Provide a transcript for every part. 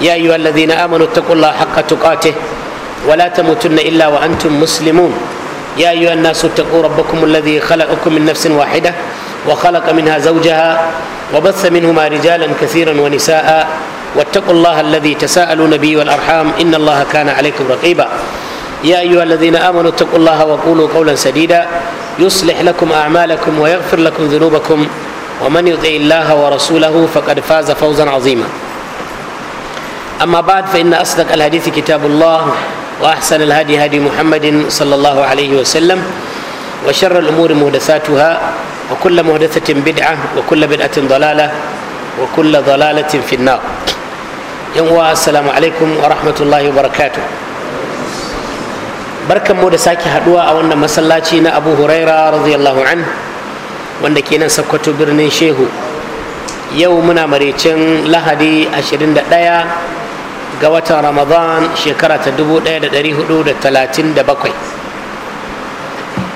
يا ايها الذين امنوا اتقوا الله حق تقاته ولا تموتن الا وانتم مسلمون يا ايها الناس اتقوا ربكم الذي خلقكم من نفس واحده وخلق منها زوجها وبث منهما رجالا كثيرا ونساء واتقوا الله الذي تساءلون به والارحام ان الله كان عليكم رقيبا يا ايها الذين امنوا اتقوا الله وقولوا قولا سديدا يصلح لكم اعمالكم ويغفر لكم ذنوبكم ومن يطع الله ورسوله فقد فاز فوزا عظيما أما بعد فإن أصدق الحديث كتاب الله وأحسن الهدي هدي محمد صلى الله عليه وسلم وشر الأمور محدثاتها وكل محدثة بدعة وكل بدعة ضلالة وكل ضلالة في النار يوم السلام عليكم ورحمة الله وبركاته barkan mu da sake haduwa a wannan masallaci na abu huraira radiyallahu an wanda ke nan sakkwato birnin shehu yau muna maraicin lahadi 21 ga watan ramadan shekara ta 1437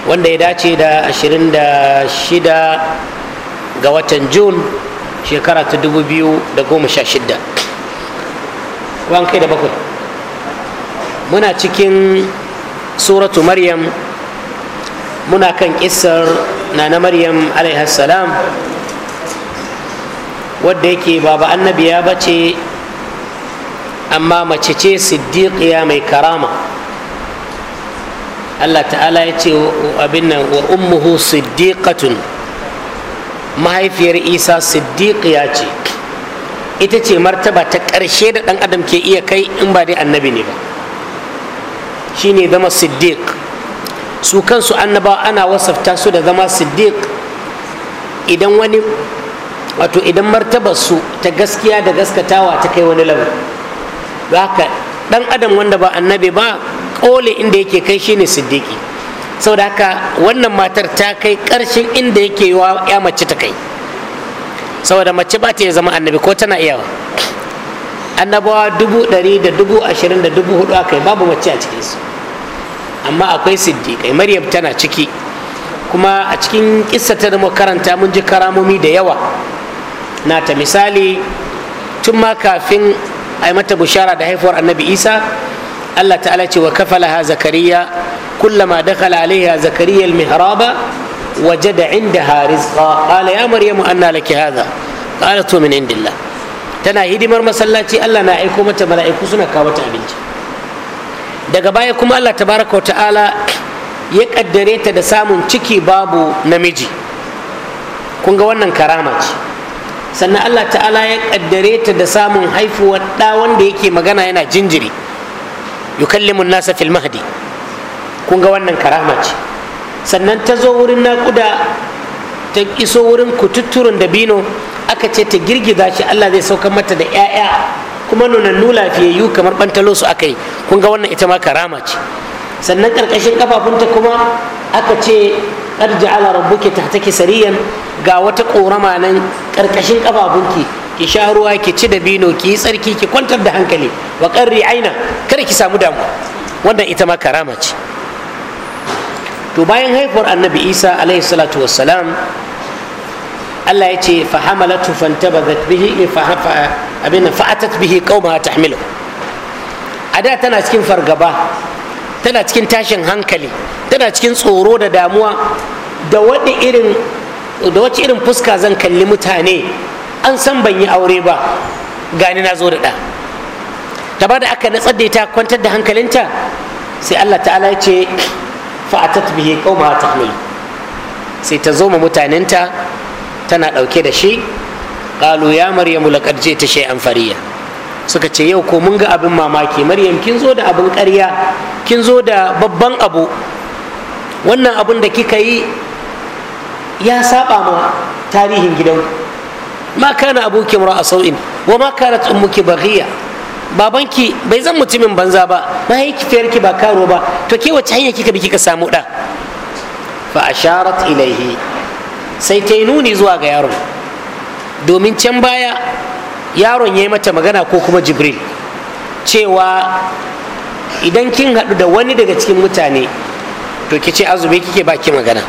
wanda ya dace da 26 ga watan jun shekara ta 2016 kai da bakwai muna cikin suratu maryam muna kan kisar na na maryam salam wadda yake baba annabi ya bace amma mace ce siddiqiya mai karama Allah ta'ala ya ce abin nan wa ummuhu siddiqatun mahaifiyar isa siddiqiya ce ita ce martaba ta ƙarshe da ɗan adam ke iya kai in ba dai annabi ne ba shi ne zama siddiq su kansu annabawa ana wasafta su da zama siddiq idan wani wato idan martabar su ta gaskiya da gaskatawa ta kai wani labar za ka ɗan adam wanda ba annabi ba ƙole inda yake kai shine siddiki saboda haka wannan matar ta kai ƙarshen inda yake wa ya mace ta kai saboda mace ba ta zama annabi ko tana iyawa annabawa dubu ɗari da dubu ashirin da dubu hudu aka yi babu mace a cikinsu amma akwai siddiƙai maryam tana ciki kuma a cikin kissa ta da karanta mun ji karamomi da yawa nata misali tun ma kafin a yi mata bushara da haifuwar annabi isa allah ta'ala ce wa kafalaha zakariya kullama dakhala alaiha zakariya almihraba وجد inda رزقا قال ya maryamu أن لك هذا قالت من عند الله تنا هدمر مسلاتي الله aiko mata mala'iku suna kawo ta abinci daga baya kuma Allah tabaraka ta'ala ya kaddare ta da samun ciki babu namiji kun ga wannan karama ce sannan allah ta'ala ya kaddare ta da samun haifuwar ɗa wanda yake magana yana jinjiri yukallimun nasa fil mahdi kun ga wannan karama ce sannan ta zo wurin naƙuda ta iso wurin da bino aka ce ta girgiza shi allah zai saukar mata da 'ya'ya kuma nuna fiye lafiyayyu kamar bantalo su aka yi kun ga wannan ita ma karama ce sannan ƙarƙashin ƙafafunta kuma aka ce arji ala rabbuki ta take sariyan ga wata ƙorama nan ƙarƙashin ƙafafunki ki sha ruwa ki ci da bino ki yi tsarki ki kwantar da hankali wa ƙarri aina kada ki samu damuwa wannan ita ma karama ce to bayan haifuwar annabi isa alaihi salatu wassalam allah ya ce fa hamalatu fantabazat bihi abin fa'atat bihi qauma tahmilu a da tana cikin fargaba tana cikin tashin hankali tana cikin tsoro da damuwa da wani irin da wacce irin fuska zan kalli mutane an san ban yi aure ba gani na zo da ɗa da ba da aka na da ita kwantar da hankalinta sai allah ta'ala ya ce fa'atat bihi qauma tahmil sai ta zo ma mutanenta tana ɗauke da shi qalu ya maryamu laqad ji'ti shay'an fariya suka ce yau ko mun ga abin mamaki maryam kin zo da abin ƙarya kin zo da babban abu wannan abin da kika yi ya saba ma tarihin gidan ma kana abuki mura sau'in wa ma kanat ummuki bariya. babanki bai zan mutumin banza ba mahaifiyarki ba karo ba to ke wace hanya kika bi kika samu ɗa fa asharat ilaihi sai ta yi nuni zuwa ga yaron domin can baya yaron ya yi mata magana ko kuma jibril cewa idan kin haɗu da wani daga cikin mutane to ki ce azumi kike baki magana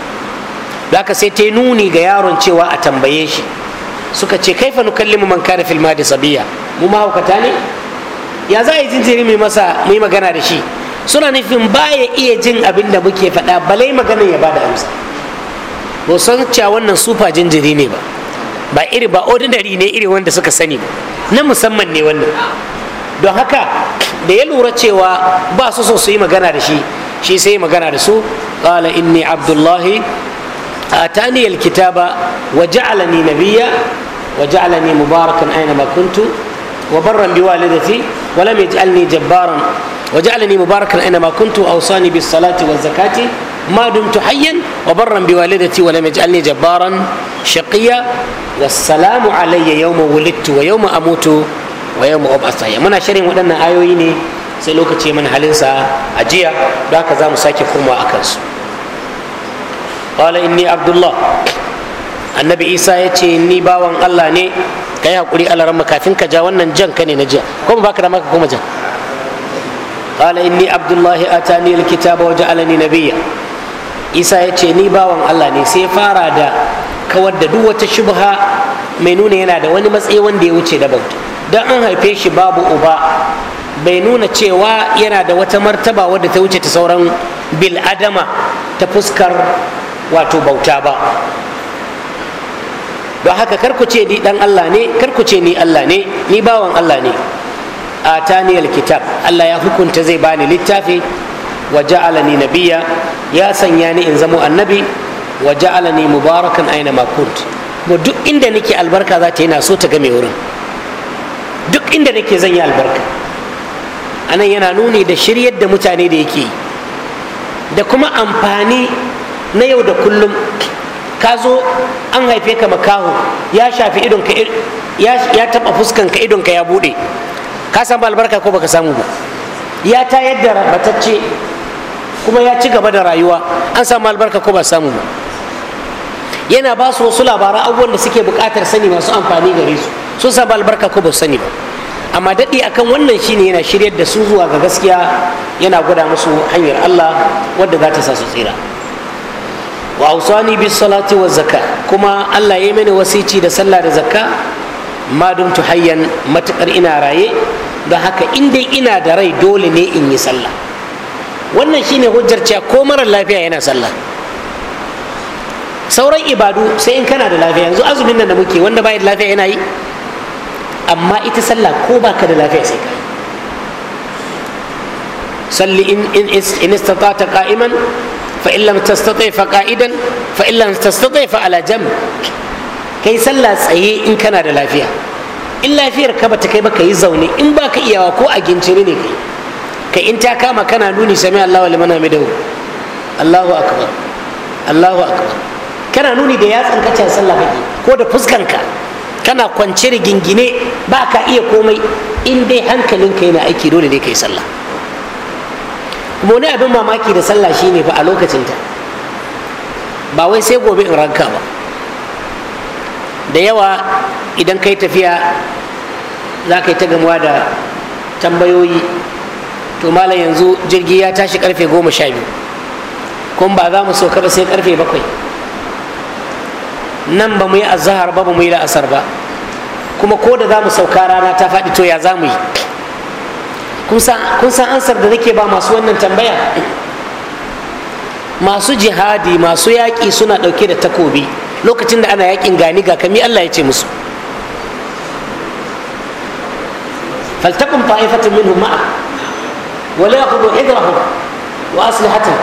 da sai ta yi nuni ga yaron cewa a tambaye shi suka ce kaifa nukallimu man kana fil madi sabiya mu mahaukata ne ya za a yi jinjiri mai masa magana da shi suna nufin baya iya jin abin da muke faɗa balai magana ya bada amsa ba san cewa wannan sufa jinjiri ne ba ba iri ba ordinary ne iri wanda suka sani na musamman ne wannan don haka da ya lura cewa ba su so su yi magana da shi shi sai magana da su qala inni abdullahi atani kitaba, wa ja'alani nabiyya wa ja'alani mubarakan aina ma kuntu wa barran bi walidati wa lam yaj'alni jabbaran wa ja'alani mubarakan aina Makuntu, awsani bis salati waz zakati ما دمت حيا وبرا بوالدتي ولم يجعلني جبارا شقيا والسلام علي يوم ولدت ويوم أموت ويوم أبعث حيا شرين ودنا آيويني sai lokaci mana halinsa a jiya don haka za mu sake komawa a kansu qala inni abdullah annabi isa ya ce ni bawan allah ne ka yi haƙuri alaran kafin ka ja wannan jan ka ne na jiya ko ba ka maka kuma jan qala inni abdullahi atani alkitaba wa ja'alani nabiyya isa ya ce ni bawan allah ne sai fara da kawar da duk wata shubha mai nuna yana da wani matsayi wanda ya wuce da bauta. don an haife shi babu uba bai nuna cewa yana da wata martaba wadda ta wuce ta sauran bil adama ta fuskar wato bauta ba don haka karkuce ni dan Allah ne karkuce ni Allah ne ni bawan Allah ne a taniyar kitab Allah ya hukunta zai bani littafi wa ja'alani Nabiya ya sanya ni in zamo annabi wa ja'alani mubarakan aina ma kunt mu duk inda nake albarka za ta na so ta game wurin duk inda nake zan yi albarka anan yana nuni da shiryar da mutane da yake yi da kuma amfani na yau da kullum ka zo an haife ka makaho ya shafi idon ka, ya taba idon ka ya bude ka samu albarka ko baka samu ba ya ta yadda rabatacce kuma ya ci gaba da rayuwa an samu albarka ko ba samu ba yana ba su wasu labaran abubuwan da suke bukatar sani masu amfani gare su sun samu albarka ko ba su sani ba amma daɗi akan wannan shine yana shiryar da su zuwa ga gaskiya yana gwada musu hanyar allah wadda za ta sa su tsira wa ausani bi salati wa zakka kuma Allah ya mini wasici da sallah da zakka ma dumtu hayyan matakar ina raye don haka in dai ina da rai dole ne in yi sallah wannan shine hujjar cewa ko marar lafiya yana sallah sauran ibadu sai in kana da lafiya yanzu azumin nan da muke wanda bai da lafiya yana yi amma ita sallah ko baka da lafiya sai ka salli in in in istata'ta qa'iman fa in lam tastati' fa qa'idan fa in lam tastati' fa ala jam kai sallah tsaye in kana da lafiya in lafiyar ka bata kai baka yi zaune in baka iyawa ko a gincire ne kai ka in ta kama kana nuni sami Allahu liman hamidahu Allahu akbar Allahu akbar kana nuni da yatsan ka can sallah kake ko da fuskanka kana kwance rigingine ba ka iya komai in dai hankalinka yana aiki dole ne kai sallah kuma wani abin mamaki da sallah shine fa a lokacinta ba wai sai gobe in ranka ba da yawa idan kai tafiya za ka yi ta gamuwa da tambayoyi to malam yanzu jirgi ya tashi karfe goma sha biyu kun ba za mu sauka ba sai karfe bakwai nan ba mu yi azahar ba ba mu yi la'asar ba kuma ko da za mu sauka rana ta faɗi to ya za mu yi kun san ansar da nake ba masu wannan tambaya masu jihadi masu yaƙi suna ɗauke da takobi lokacin da ana yaƙin gani ga kami allah ya ce musu faltakun fa'ifatin minhum ma'a wala yaqdu hidrahum wa hata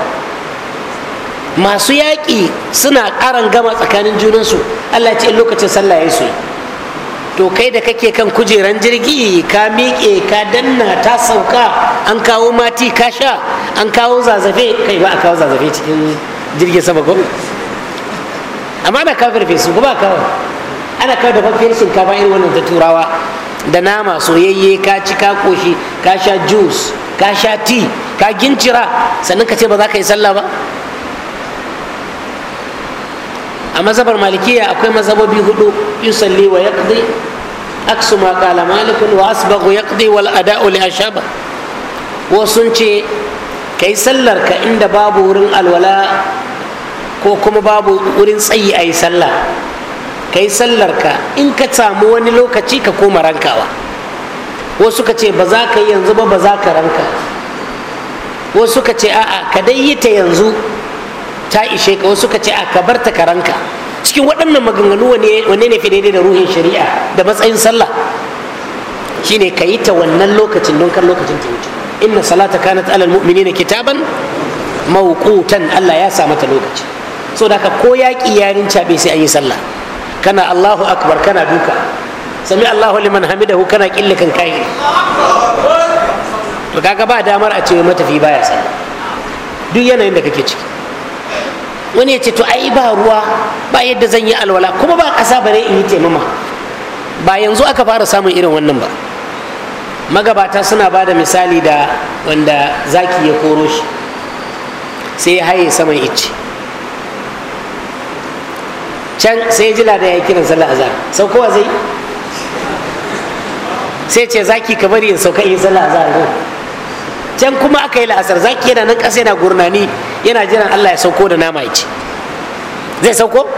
masu yaƙi suna ƙaran gama tsakanin junansu allah ce in lokacin sallah ya su to kai da kake kan kujeran jirgi ka miƙe ka danna ta sauka an kawo mati ka sha an kawo zazzafe kai ba a kawo zazzafe cikin jirgin sama gobe amma ana kawo farfesu ba a kawo ana kawo da farfiyar shinkafa irin wannan ta turawa da nama soyayye ka ci ka koshi ka sha juice ka sha ti ka gincira sannan ka ce ba za ka yi sallah ba a mazhabar malikiya akwai mazhabobi hudu yusalli wa yaqdi aksu ma qala malik wa asbaghu yaqdi wal ada'u li ashaba ce kai sallar ka inda babu wurin alwala ko kuma babu wurin tsayi a yi sallah kai sallar ka in ka samu wani lokaci ka koma rankawa wasu suka ce ba za ka yi yanzu ba ba za ka ranka wasu suka ce a'a ka dai yi ta yanzu ta ishe ka wasu suka ce a ka bar ta ka ranka cikin waɗannan maganganu wane ne fi daidai da ruhin shari'a da matsayin sallah shine ka yi ta wannan lokacin don kan lokacin ta wuce inna salata kanat alal mu'minina kitaban mawqutan Allah ya sa mata lokaci so da ko yaƙi yarin caɓe sai an yi sallah kana Allahu akbar kana duka sami Allahu liman hamidahu kana kan kai to kaga ba damar a ce matafi baya sallah duk yanayin da kake ciki wani ya ce to ai ba ruwa ba yadda zan yi alwala kuma ba ƙasa bare in yi taimama ba yanzu aka fara samun irin wannan ba magabata suna ba da misali da wanda zaki ya koro shi sai ya haye saman icce can sai ya jila da ya kiran sallah azhar kowa zai sai ce zaki ka bari in sauka in sallah za a can kuma aka yi la'asar zaki yana nan ƙasa yana gurnani yana jiran allah ya sauko da nama ya zai sauko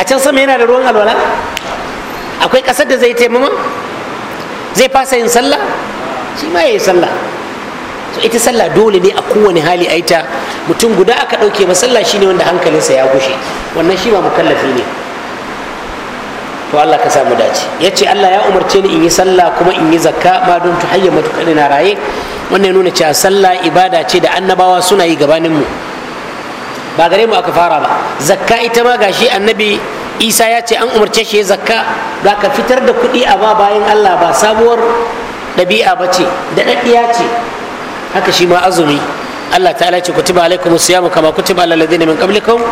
a can sama yana da ruwan alwala akwai ƙasar da zai taimama zai fasa yin sallah shi ma ya yi sallah so ita sallah dole ne a kowane hali aita mutum guda aka ɗauke masalla ne wanda hankalinsa ya gushe wannan shi ma mukallafi ne to Allah ka samu dace ya ce Allah ya umarce ni in yi sallah kuma in yi zakka ma don tu hayya matuƙar na raye wannan ya nuna cewa sallah ibada ce da annabawa suna yi gabanin mu ba gare mu aka fara ba zakka ita ma gashi annabi isa ya ce an umarce shi ya zakka da ka fitar da kuɗi a ba bayan Allah ba sabuwar ɗabi'a ba ce daɗaɗɗiya ce haka shi ma azumi Allah ta'ala ce kutiba alaikum siyamu kama ku kutiba alal ladina min qablikum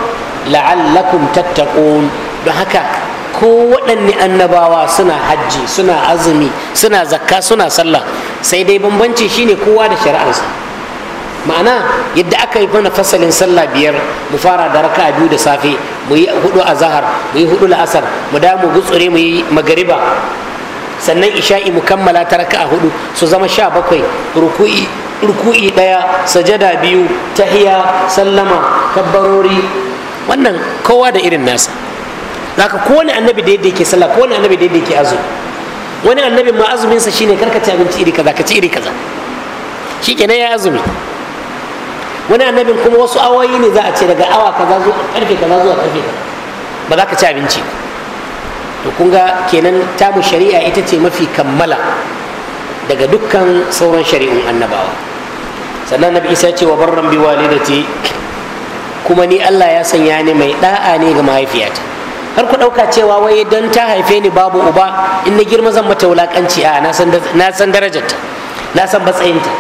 la'allakum tattaqun don haka ko waɗanne annabawa suna hajji suna azumi suna zakka suna sallah sai dai bambanci shine kowa da shari'arsa ma'ana yadda aka yi mana fasalin sallah biyar mu fara da raka biyu da safe mu yi hudu a zahar mu yi hudu la'asar mu da mu gutsure mu yi magariba sannan isha'i mu kammala ta raka a hudu su zama sha bakwai ruku'i ruku'i daya sajada biyu tahiya sallama kabbarori wannan kowa da irin nasa zaka ko wani annabi da yadda yake sallah wani annabi da yadda yake azumi wani annabi ma azuminsa shine karka ci abinci iri kaza ka ci iri kaza shi kenan ya azumi wani annabin kuma wasu awayi ne za a ce daga awa kaza zuwa karfe kaza zuwa karfe kaza ba za ka ci abinci to kun ga kenan tamu shari'a ita ce mafi kammala daga dukkan sauran shari'un annabawa sannan nabi isa ce wa barran bi walidati kuma ni Allah ya sanya ni mai da'a ne ga mahaifiyata har ku ɗauka cewa wai don ta haife ni babu uba in na girma zan mata wulaƙanci a na san darajarta na san matsayinta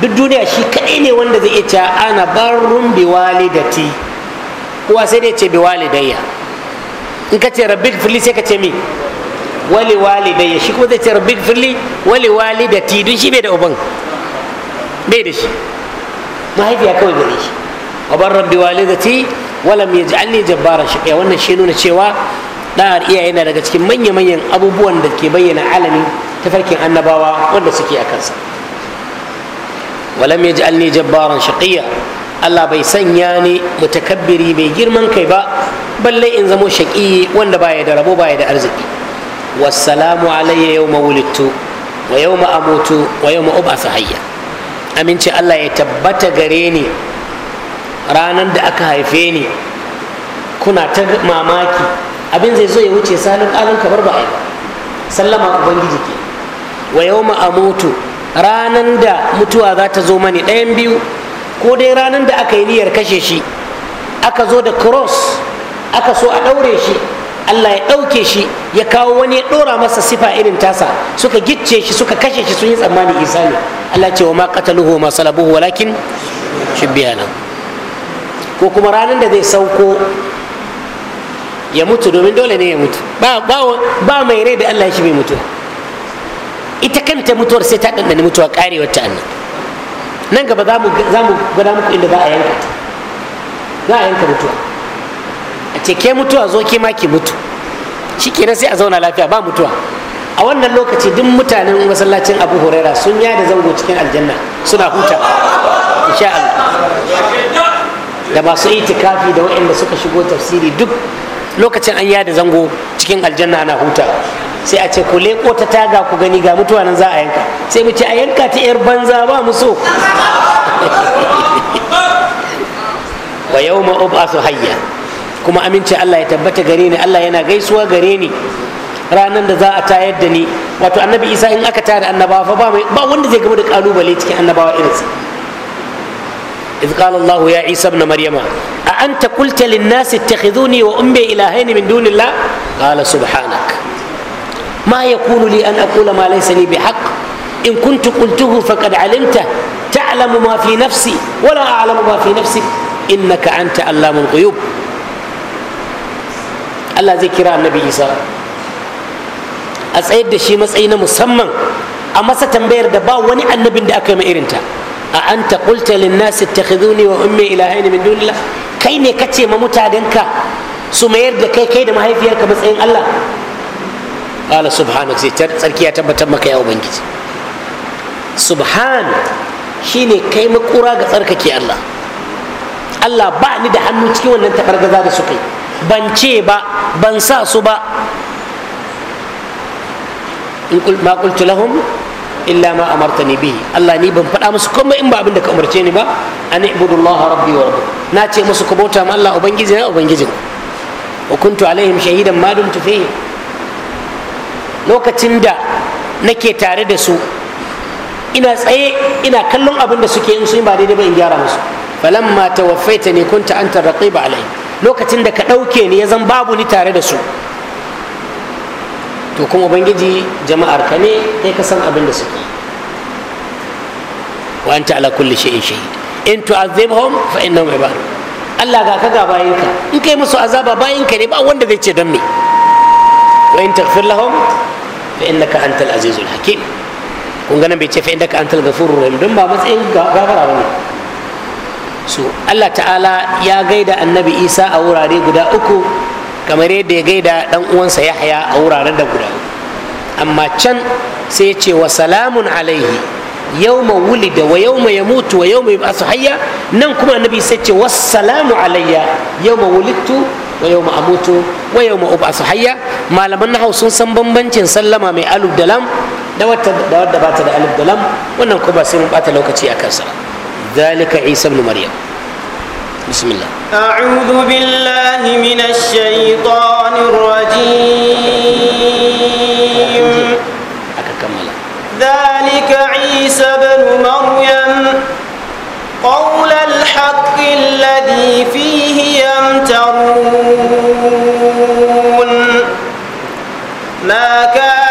duk duniya shi kaɗai ne wanda zai iya cewa ana barrun bi walidati kuwa sai dai ce bi walidayya in ka ce rabbi firli sai ka ce mi wali walidayya shi kuma zai ce rabbi firli wali walidati duk shi bai da uban bai da shi mahaifiya kawai gare shi wa barrun bi walidati walam yaj'alni jabbaran shaqiya wannan shi nuna cewa da'ar iyaye yana daga cikin manya-manyan abubuwan da ke bayyana alami farkin annabawa wanda suke a kansa walam yaj'alni jabbaran shaqiya Allah bai sanya ni mutakabbiri mai girman kai ba balle in zamo shaƙi wanda baya da rabo baya da arziki wassalamu alayya yawma wulidtu wa yawma amutu wa yawma ub'athu sahayya. aminci Allah ya tabbata gare ni ranar da aka haife ni kuna ta mamaki abin zai zo ya wuce salin alin kamar ba ba sallama ubangiji ke wa yau ma'amutu ranar da mutuwa za ta zo mani ɗayan biyu ko dai ranar da aka yi niyyar kashe shi aka zo da cross aka so a ɗaure shi allah ya ɗauke shi ya kawo wani ya ɗora masa sifa irin tasa suka gicce shi suka kashe shi sun yi tsammani isa ne allah ce wa ma qataluhu ma salabuhu walakin shibbiya ko kuma ranar da zai sauko ya mutu domin dole ne ya mutu ba mai rai da allah shi mai mutu ita kanta mutuwar sai ta ɗanɗana mutuwa ƙarewar ta annan nan gaba za mu gwada muku inda za a yanka za a yanka mutuwa a ce ke mutuwa zo ke ki mutu shi kenan sai a zauna lafiya ba mutuwa a wannan lokaci duk mutanen masallacin abu huraira sun yada zango cikin aljanna suna huta insha Allah da masu itikafi da waɗanda suka shigo tafsiri duk lokacin an yada zango cikin aljanna ana huta sai a ce ku leko ta taga ku gani ga mutuwa nan za a yanka sai mu ce a yanka ta yar banza ba mu so wa yawma ub'athu hayya kuma amince Allah ya tabbata gare ni Allah yana gaisuwa gare ni ranar da za a tayar da ni wato annabi isa in aka tara da annabawa fa ba wanda zai gama da kalubale cikin annabawa irinsa إذ قال الله يا عيسى ابن مريم أأنت قلت للناس اتخذوني وأمي إلهين من دون الله قال سبحانك ما يكون لي أن أقول ما ليس لي بحق إن كنت قلته فقد علمته تعلم ما في نفسي ولا أعلم ما في نفسك إنك أنت علام الغيوب Allah zai kira annabi Isa a tsayar da shi matsayi na musamman a masa tambayar da ba wani annabin da aka yi irinta a anta qulta lin nas ittakhiduni wa ummi ilahaini min dunillah kai ne kace ma mutanenka su mayar da kai kai da mahaifiyarka matsayin Allah qala subhanak sai tsarki ya tabbatar maka ya ubangiji subhan shine kai makura ga tsarkake Allah Allah ba da hannu cikin wannan tabargaza da suka yi ban ce ba ban sa su ba in ma illa ma amartani bihi Allah ni ban faɗa musu komai in ba abin da ka umarce ni ba an ibudullah rabbi wa rabbukum na ce musu ku bauta ma Allah ubangiji na ubangijin wa kuntu alaihim shahidan ma dumtu fihi lokacin da nake tare da su ina tsaye ina kallon abin da suke in sun ba daidai ba in gyara musu falamma tawaffaita ne kunta anta raqiba alaihim lokacin da ka ɗauke ni ya zan babu ni tare da su to kuma ubangiji jama'ar ka ne kai ka san abin da suke wa anta ala kulli shay'in shahid in tu'azzibhum fa innahum ibadu Allah ga ka ga bayinka in kai musu azaba ka ne ba wanda zai ce dan me wa in taghfir lahum fa innaka antal azizul hakim kun ga nan bai ce fa innaka antal ghafurur rahim don ba matsayin gafara ba ne so Allah ta'ala ya gaida annabi Isa a wurare guda uku kamar yadda ya gaida dan uwansa yahya a wuraren da guda amma can sai ya ce wa salamun alaihi yawma wulida wa yawma yamutu wa yawma yub'athu hayya nan kuma annabi sai ce wa salamu alayya yawma wulidtu wa yawma amutu wa yawma ub'athu hayya malaman nahau sun san bambancin sallama mai alif da lam da wata da wadda bata da alif da lam wannan kuma sai mun bata lokaci a kansa zalika isa ibn maryam بسم الله أعوذ بالله من الشيطان الرجيم ذلك عيسى بن مريم قول الحق الذي فيه يمترون ما كان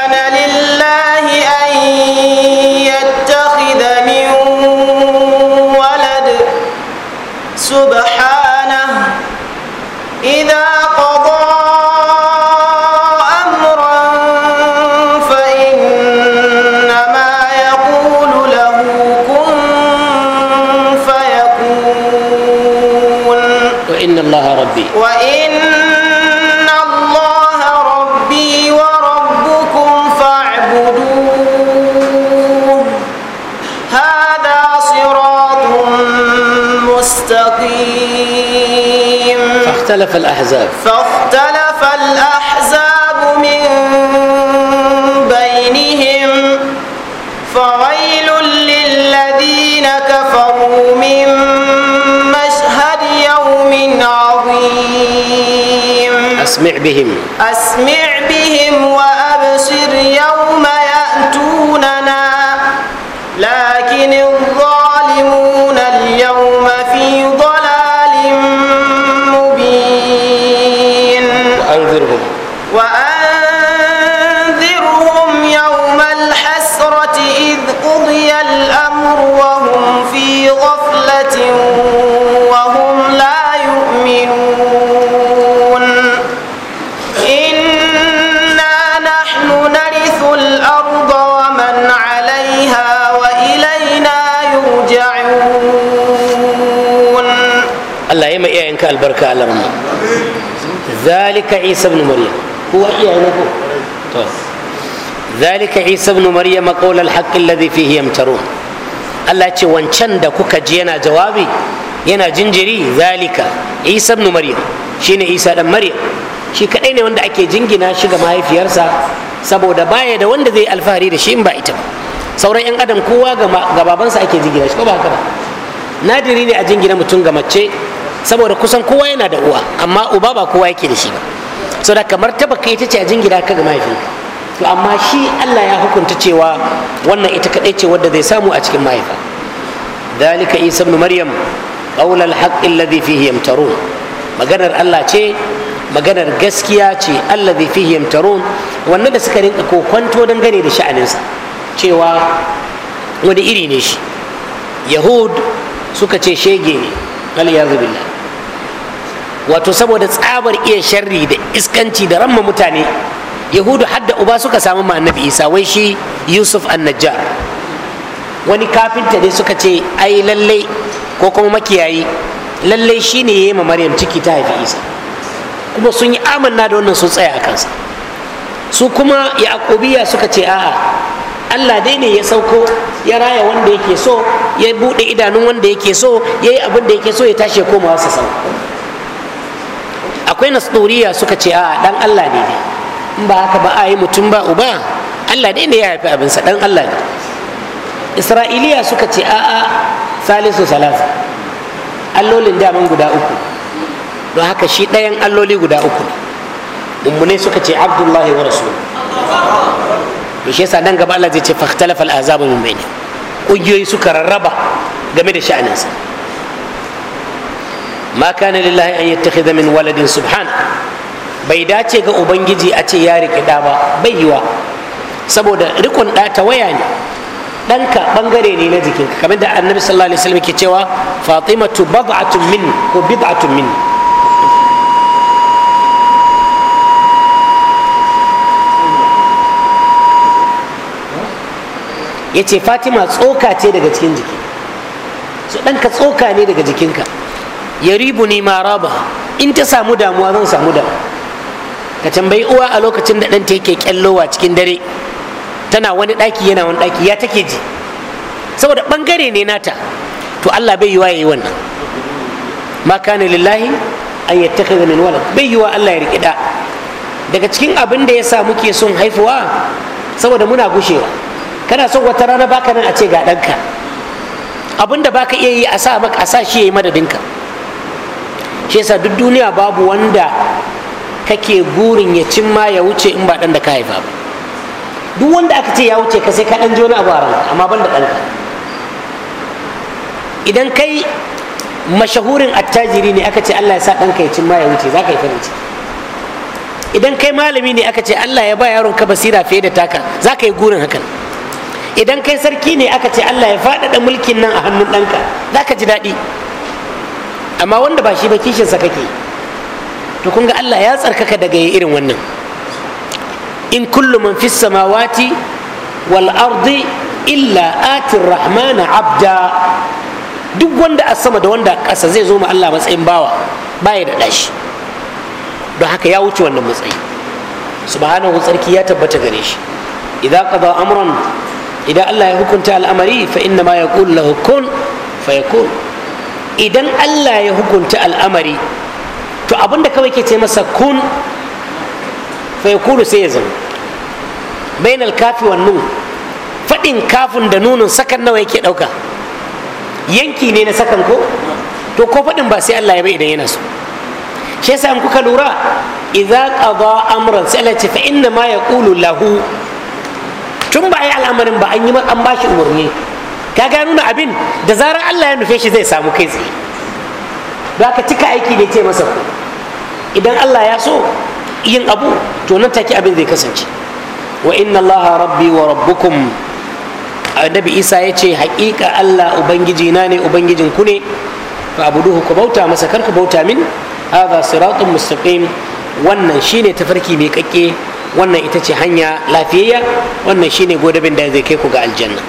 وإن الله ربي وإن الله ربي وربكم فاعبدوه هذا صراط مستقيم فاختلف الأحزاب فاختلف الأحزاب أسمع بهم أسمع بهم و haka mu zalika isa ibn maryam kowa iyaye ne ko to zalika isa ibn maryam qawl al-haqq alladhi fihi yamtarun Allah ce wancan da kuka ji yana jawabi yana jinjiri zalika isa ibn maryam shine isa dan maryam shi kadai ne wanda ake jingina shi ga mahaifiyarsa saboda baya da wanda zai alfahari da shi in ba ita sauran yan adam kowa ga babansa ake jingina shi ko ba haka ba nadiri ne a jingina mutum ga mace saboda kusan kowa yana da uwa amma uba ba kowa yake da shi ba saboda kamar taba kai ita ce a jingira ka ga mahaifinka to amma shi Allah ya hukunta cewa wannan ita kadai ce wadda zai samu a cikin mahaifa dalika isa ibn maryam qawl al haqq alladhi fihi yamtarun maganar Allah ce maganar gaskiya ce alladhi fihi yamtarun wannan da suka rinka kokwanto dangane da sha'aninsa cewa wani iri ne shi yahud suka ce shege ne bal yazu billah wato saboda tsabar iya sharri da iskanci da ramma mutane yahudu hadda uba suka samu ma annabi isa wai shi yusuf annajjar wani kafinta ne suka ce ai lallai ko kuma makiyayi lallai shi ne ya yi ma maryam ciki ta haifi isa kuma sun yi amanna da wannan sun tsaya a kansa su kuma yaƙubiya suka ce a'a allah dai ne ya sauko ya raya wanda yake so ya buɗe idanun wanda yake so ya yi abin da yake so ya tashi ya koma wasu akwai nasturiya suka ce a dan Allah ne ne in ba haka ba a yi mutum ba uba Allah ne ne ya haifi abinsa dan Allah ne isra'iliya suka ce a a salisu salasa allolin daman guda uku don haka shi ɗayan alloli guda uku ne suka ce abdullahi wa rasul to shi yasa nan gaba Allah zai ce azabu al'azabu bayni ƙungiyoyi suka rarraba game da sha'aninsa ma kana lillahi an yattakhidha min waladin subhan bai dace ga ubangiji a ce ya riƙe ɗa ba bai yiwa saboda rikon ɗa ta waya ne ɗanka ɓangare ne na jikinka kamar da annabi sallallahu alaihi wasallam ke cewa fatimatu bad'atun min ko bid'atun min yace fatima tsoka ce daga cikin jiki su ɗanka tsoka ne daga jikinka yaribu ni maraba in ta samu damuwa zan samu da ka tambayi uwa a lokacin da ɗanta yake kyallowa cikin dare tana wani ɗaki yana wani ɗaki ya take ji saboda ɓangare ne nata to allah bai yiwa ya yi wannan ma kana lillahi an yattakhidha min wani. bai yiwa allah ya riƙi ɗa. daga cikin abin da ya sa muke son haifuwa saboda muna gushewa kana son wata rana baka nan a ce ga ɗanka abin da baka iya yi a sa a sa shi ya yi madadinka shi yasa duk duniya babu wanda kake gurin ya cimma ya wuce in ba dan da ka haifa ba duk wanda aka ce ya wuce ka sai ka dan jona abu a ranka amma ban da ɗanka idan kai mashahurin attajiri ne aka ce Allah ya sa ɗanka ya cimma ya wuce za ka yi farin ciki idan kai malami ne aka ce Allah ya ba yaron ka basira fiye da taka za ka yi gurin hakan idan kai sarki ne aka ce Allah ya faɗaɗa mulkin nan a hannun ɗanka za ka ji daɗi amma wanda ba shi ba kishinsa kake to kun ga Allah ya tsarkaka daga irin wannan in kullum man fi samawati wal ardi illa ati rahmana abda duk wanda a sama da wanda a ƙasa zai zo ma Allah matsayin bawa baya da ɗashi don haka ya wuce wannan matsayi subhanahu tsarki ya tabbata gare shi idan qada amran idan Allah ya hukunta al'amari fa inna ma ya lahu kun fayakun idan allah ya hukunta al'amari to abinda kawai ke ce masa kun Fai kuru sai ya zama bainal kafi wa nun faɗin kafin da nunin sakan nawa yake ɗauka yanki ne na sakan ko to ko faɗin ba sai allah ya bai idan yana so shi yasa kuka lura idza qada amran sai Allah ce fa inna ma yaqulu lahu tun ba ai al'amarin ba an yi an bashi umarni ka ga nuna abin da zarar Allah ya nufe shi zai samu kai tsaye ba ka cika aiki ne ce masa ku idan Allah ya so yin abu to nan take abin zai kasance wa inna Allah rabbi wa rabbukum annabi Isa ya ce haƙiƙa Allah ubangiji na ne ubangijin ku ne fa abuduhu ku bauta masa kar ku bauta min hadha siratun mustaqim wannan shine tafarki mai kakke wannan ita ce hanya lafiyayya wannan shine godabin da zai kai ku ga aljanna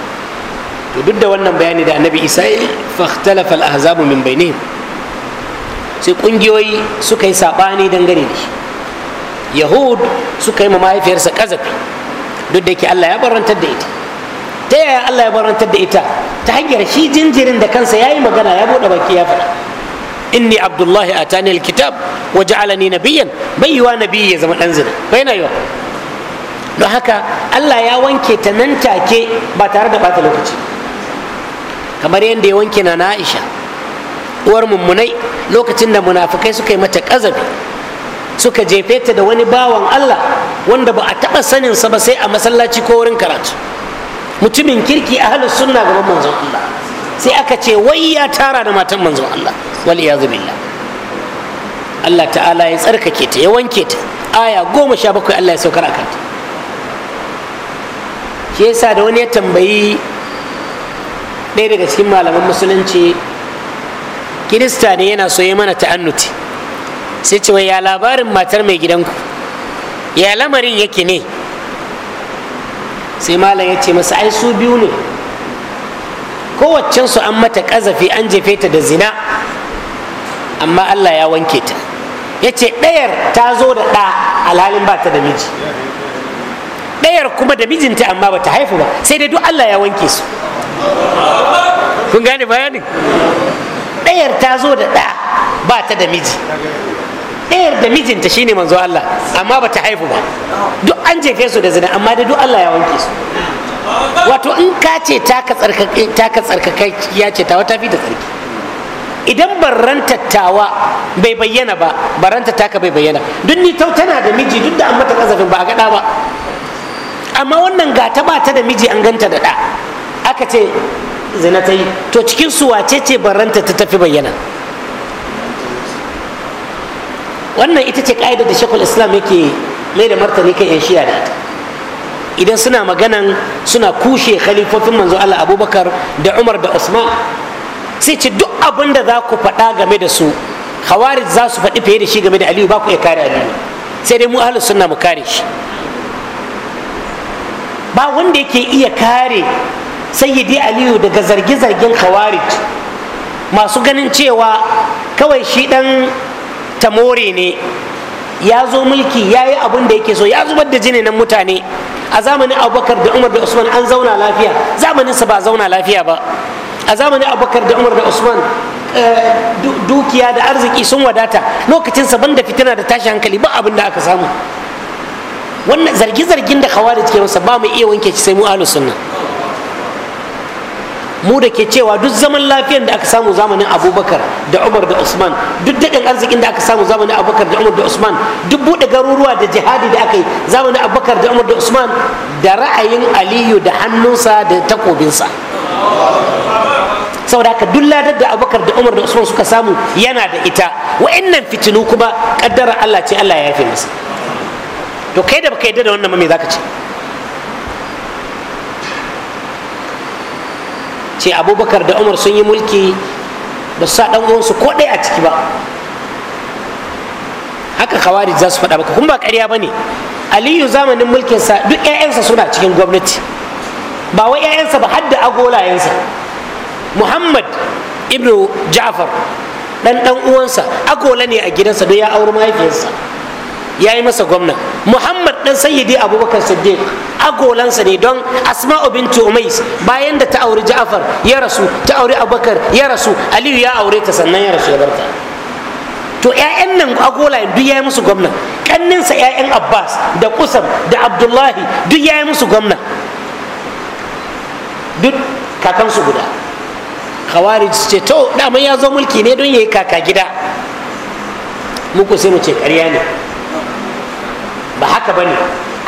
to duk da wannan bayani da annabi isa ya yi fahtalafa al'azabu min bainihim sai kungiyoyi suka yi sabani dangane da yahud suka yi ma mahaifiyarsa kazafi duk da yake allah ya barantar da ita ta yaya allah ya barantar da ita ta hanyar shi jinjirin da kansa ya yi magana ya buɗe baki ya faɗa. inni abdullahi kitab, alkitab wa ja'alani nabiyyan bai yiwa biyu ya zama ɗan zina bai na yiwa don haka allah ya wanke ta nan take ba tare da bata lokaci kamar yadda ya wanke na Aisha uwar mummunai lokacin da munafukai suka yi mata kazabi, suka jefe ta da wani bawan Allah wanda ba a taɓa saninsa ba sai a masallaci ko wurin karatu mutumin kirki a halin sunna gaban manzon Allah sai aka ce wai ya tara da matan manzon Allah wal ya Allah ta'ala ya tsarkake ta ya wanke ta aya goma sha bakwai Allah ya saukar a kanta shi yasa da wani ya tambayi ɗaya daga cikin malaman musulunci kirista ne yana so ya mana ta'annuti sai ce ya labarin matar mai gidanku ya lamarin yake ne sai malam ya ce masa ai su biyu ne kowaccensu an mata ƙazafi an jefe ta da zina amma allah ya wanke ta ya ce ɗayar ta zo da ɗa alhalin ba ta da miji ɗayar kuma da mijinta amma ba ta haifu ba sai dai duk allah ya wanke su kun gane bayanin ɗayar ta zo da ɗa ba ta da miji ɗayar da mijinta shine manzo Allah amma ba ta haifu ba duk an jefe su da zina amma da duk Allah ya wanke su wato in ka ce ta ka tsarkakai ya ce ta wata fi da tsarki idan baran tattawa bai bayyana ba baran tattaka bai bayyana duk ni tau tana da miji duk da an mata kazafin ba a gaɗa ba amma wannan gata ba ta da miji an ganta da ɗa aka ce zina ta yi to cikin su wace ce baranta ta tafi bayyana wannan ita ce ƙa'idar da shekul islam yake mai da martani kan yan shiya da ita idan suna maganan suna kushe khalifofin manzo Allah abubakar da umar da usman sai ce duk abin da za ku faɗa game da su khawarij za su faɗi fiye da shi game da aliyu ba ku iya kare aliyu sai dai mu ahlus sunna mu kare shi ba wanda yake iya kare sayyidi aliyu daga zargi zargin khawarij masu ganin cewa kawai shi dan tamore ne ya zo mulki ya yi abin da yake so ya zubar da jini nan mutane a zamanin abubakar da umar da usman an zauna lafiya zamaninsa ba zauna lafiya ba a zamanin abubakar da umar da usman eh, dukiya da arziki sun wadata lokacinsa banda fitina da tashi hankali ba abin da aka samu wannan zargi-zargin da khawarij ke masa ba mu iya wanke shi sai mu ahlus sunna mu da ke cewa duk zaman lafiyar da aka samu zamanin abubakar da umar da usman duk daɗin arzikin da aka samu zamanin abubakar da umar da usman duk buɗe garuruwa da jihadi da aka yi zamanin abubakar da umar da usman da ra'ayin aliyu da hannunsa da takobinsa saboda haka duk ladar da abubakar da umar da usman suka samu yana da ita nan fitinu kuma kaddara allah ce allah ya yafe masa to kai da baka yadda da wannan mai zaka ce ce abubakar da umar sun yi mulki ba su sa ɗan uwansu ko ɗaya a ciki ba haka khawarij za su faɗa maka kuma ba ƙarya ba ne aliyu zamanin mulkinsa duk 'ya'yansa suna cikin gwamnati ba wai 'ya'yansa ba har da agolayensa muhammad ibnu ja'far ɗan ɗan uwansa agola ne a gidansa don ya auri mahaifiyarsa ya yi masa gwamna muhammad dan sayyidi abubakar siddiq agolansa ne don asma'u binti umais bayan da ta auri ja'far ya rasu ta auri abubakar ya rasu aliyu ya aure ta sannan ya rasu ya barta to 'ya'yan nan agolayen duk ya yi musu gwamna ƙanninsa 'ya'yan abbas da kusan da abdullahi duk ya yi musu gwamna duk kakansu guda khawarij ce to dama ya zo mulki ne don ya yi kaka gida muku sai mu ce ƙarya ne ba haka ba ne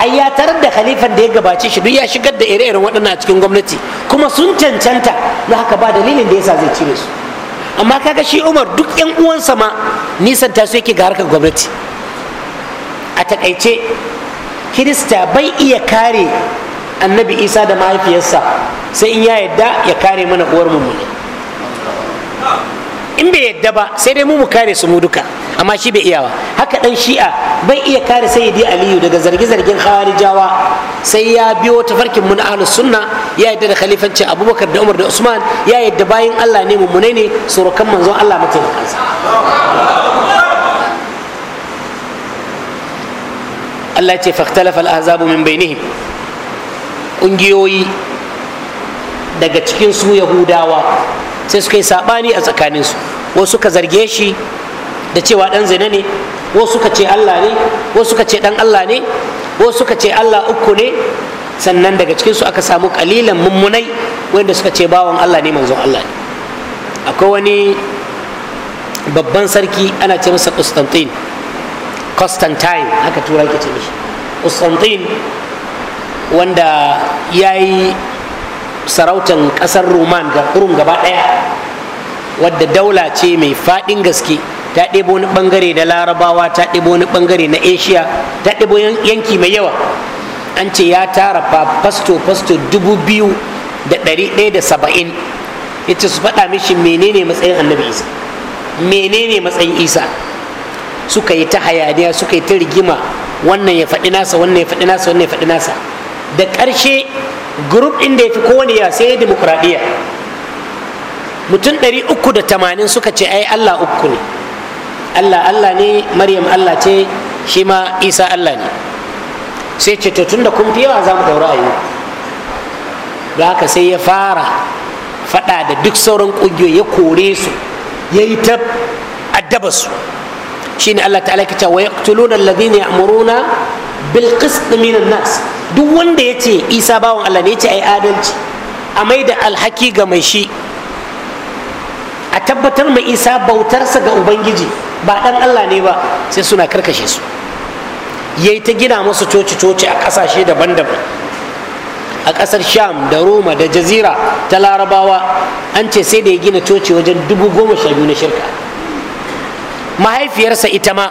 ai ya tarar da khalifan da ya gabace shi duk ya shigar da ire-iren waɗannan a cikin gwamnati kuma sun cancanta na haka ba dalilin da yasa zai cire su amma kaga shi umar duk yan uwansa ma nisan ta su yake ga harkar gwamnati a takaice kirista bai iya kare annabi isa da mahaifiyarsa sai in ya yadda ya kare mana uwar mummuni in bai yadda ba sai dai mu mu kare su mu duka amma shi bai iyawa haka dan shi'a bai iya kare sayyidi aliyu daga zarge-zargen khawarijawa sai ya biyo tafarkin mun ahlus sunna ya yadda da khalifanci abubakar da umar da usman ya yadda bayin allah ne mummunai ne surukan manzon allah mataimakansa allah ce faktalafa al'azabu min bainihim ƙungiyoyi daga cikin su yahudawa sai suka yi saɓani a tsakaninsu wasu suka zarge shi da cewa ɗan zina ne wasu suka ce allah ne wasu suka ce dan allah ne wasu suka ce allah uku ne sannan daga cikinsu aka samu kalilan mummunai wanda suka ce bawan allah ne manzon allah ne akwai wani babban sarki ana ce masa constantine constantine haka tura ce mishi constantine wanda ya yi sarautan ƙasar roman ga kurum gaba ɗaya wadda daula ce mai fadin gaske ta ɗebo wani bangare na larabawa ta ɗebo wani ɓangare na asia ta ɗebo yanki mai yawa an ce ya tara fasto fasto dubu biyu da ɗari ɗaya da saba'in Ita su faɗa mishi menene matsayin annabi isa menene matsayin isa suka yi ta hayaniya suka yi ta rigima wannan ya faɗi nasa wannan ya faɗi nasa wannan ya faɗi nasa da ƙarshe grup ɗin da ya fi kowane ya sai demokradiyya mutum ɗari uku da tamanin suka ce ai allah uku ne allah allah ne maryam allah ce shi ma isa allah ne sai ce to tun da kun fi yawa za mu ɗaura ayu da haka sai ya fara faɗa da duk sauran ƙungiyoyi ya kore su ya yi ta addaba su ne allah ta'ala kita wa yaqtuluna alladhina amuruna bilqist qist minan duk wanda ya ce isa bawan allah ne ya ce ai adalci a mai da alhaki ga mai shi a tabbatar mai isa bautarsa ga ubangiji ba dan allah ne ba sai suna karkashe su ya ta gina musu coci-coci a kasashe daban-daban a kasar sham da roma da jazira ta larabawa an ce sai da ya gina coci wajen dubu goma sha biyu na shirka mahaifiyarsa ita ma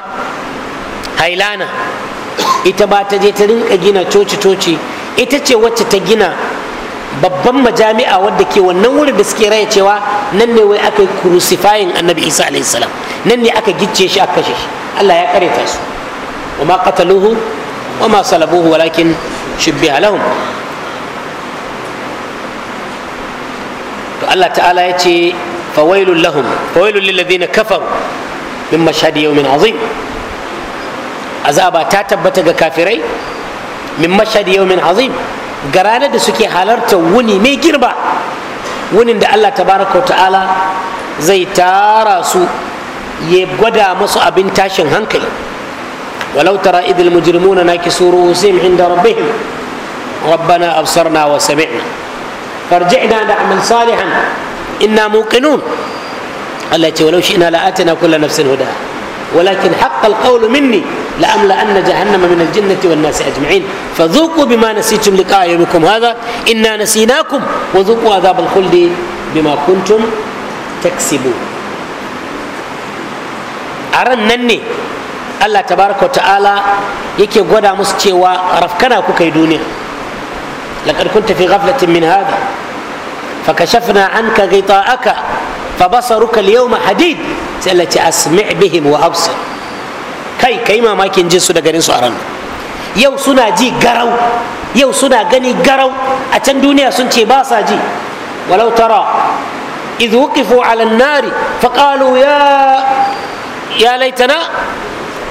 hailana ita ba ta je ta rinka gina coci-coci ita ce wacce ta gina babban majami'a wadda ke wannan wurin da suke raya cewa nan ne wai aka yi crucifying annabi isa alaihi salam nan ne aka gicce shi aka kashe shi allah ya kare su wa ma qataluhu wa ma salabuhu walakin shubbiha lahum to allah ta'ala ya ce fawailul lahum fawailul lil ladina kafaru min mashhadi yawmin azim azaba ta tabbata ga kafirai min mashhadi yawmin azim ga ranar da suke halarta wuni mai girba wunin da Allah tabaraka ta'ala zai tara su ya gwada masu abin tashin hankali walau tara idil mujrimuna nakisu ruhusihim inda rabbihim rabbana absarna wa sami'na farji'na na'mal salihan inna muqinun Allah ya ce walau shi'na la'atina kullu nafsin hudaha ولكن حق القول مني لأملأن جهنم من الجنة والناس أجمعين فذوقوا بما نسيتم لقاء يومكم هذا إنا نسيناكم وذوقوا عذاب الخلد بما كنتم تكسبون أرنني الله تبارك وتعالى يكي غدا gwada musu كوكي rafkana لقد كنت في غفلة من هذا فكشفنا عنك غطاءك فبصرك اليوم حديد التي اسمع بهم وابصر كي كاي ما ماكين جنسو دا غارين سوارن يو سنا جي غرو يو سنا غني غرو اتن دنيا سنتي تي باسا جي ولو ترى اذ وقفوا على النار فقالوا يا يا ليتنا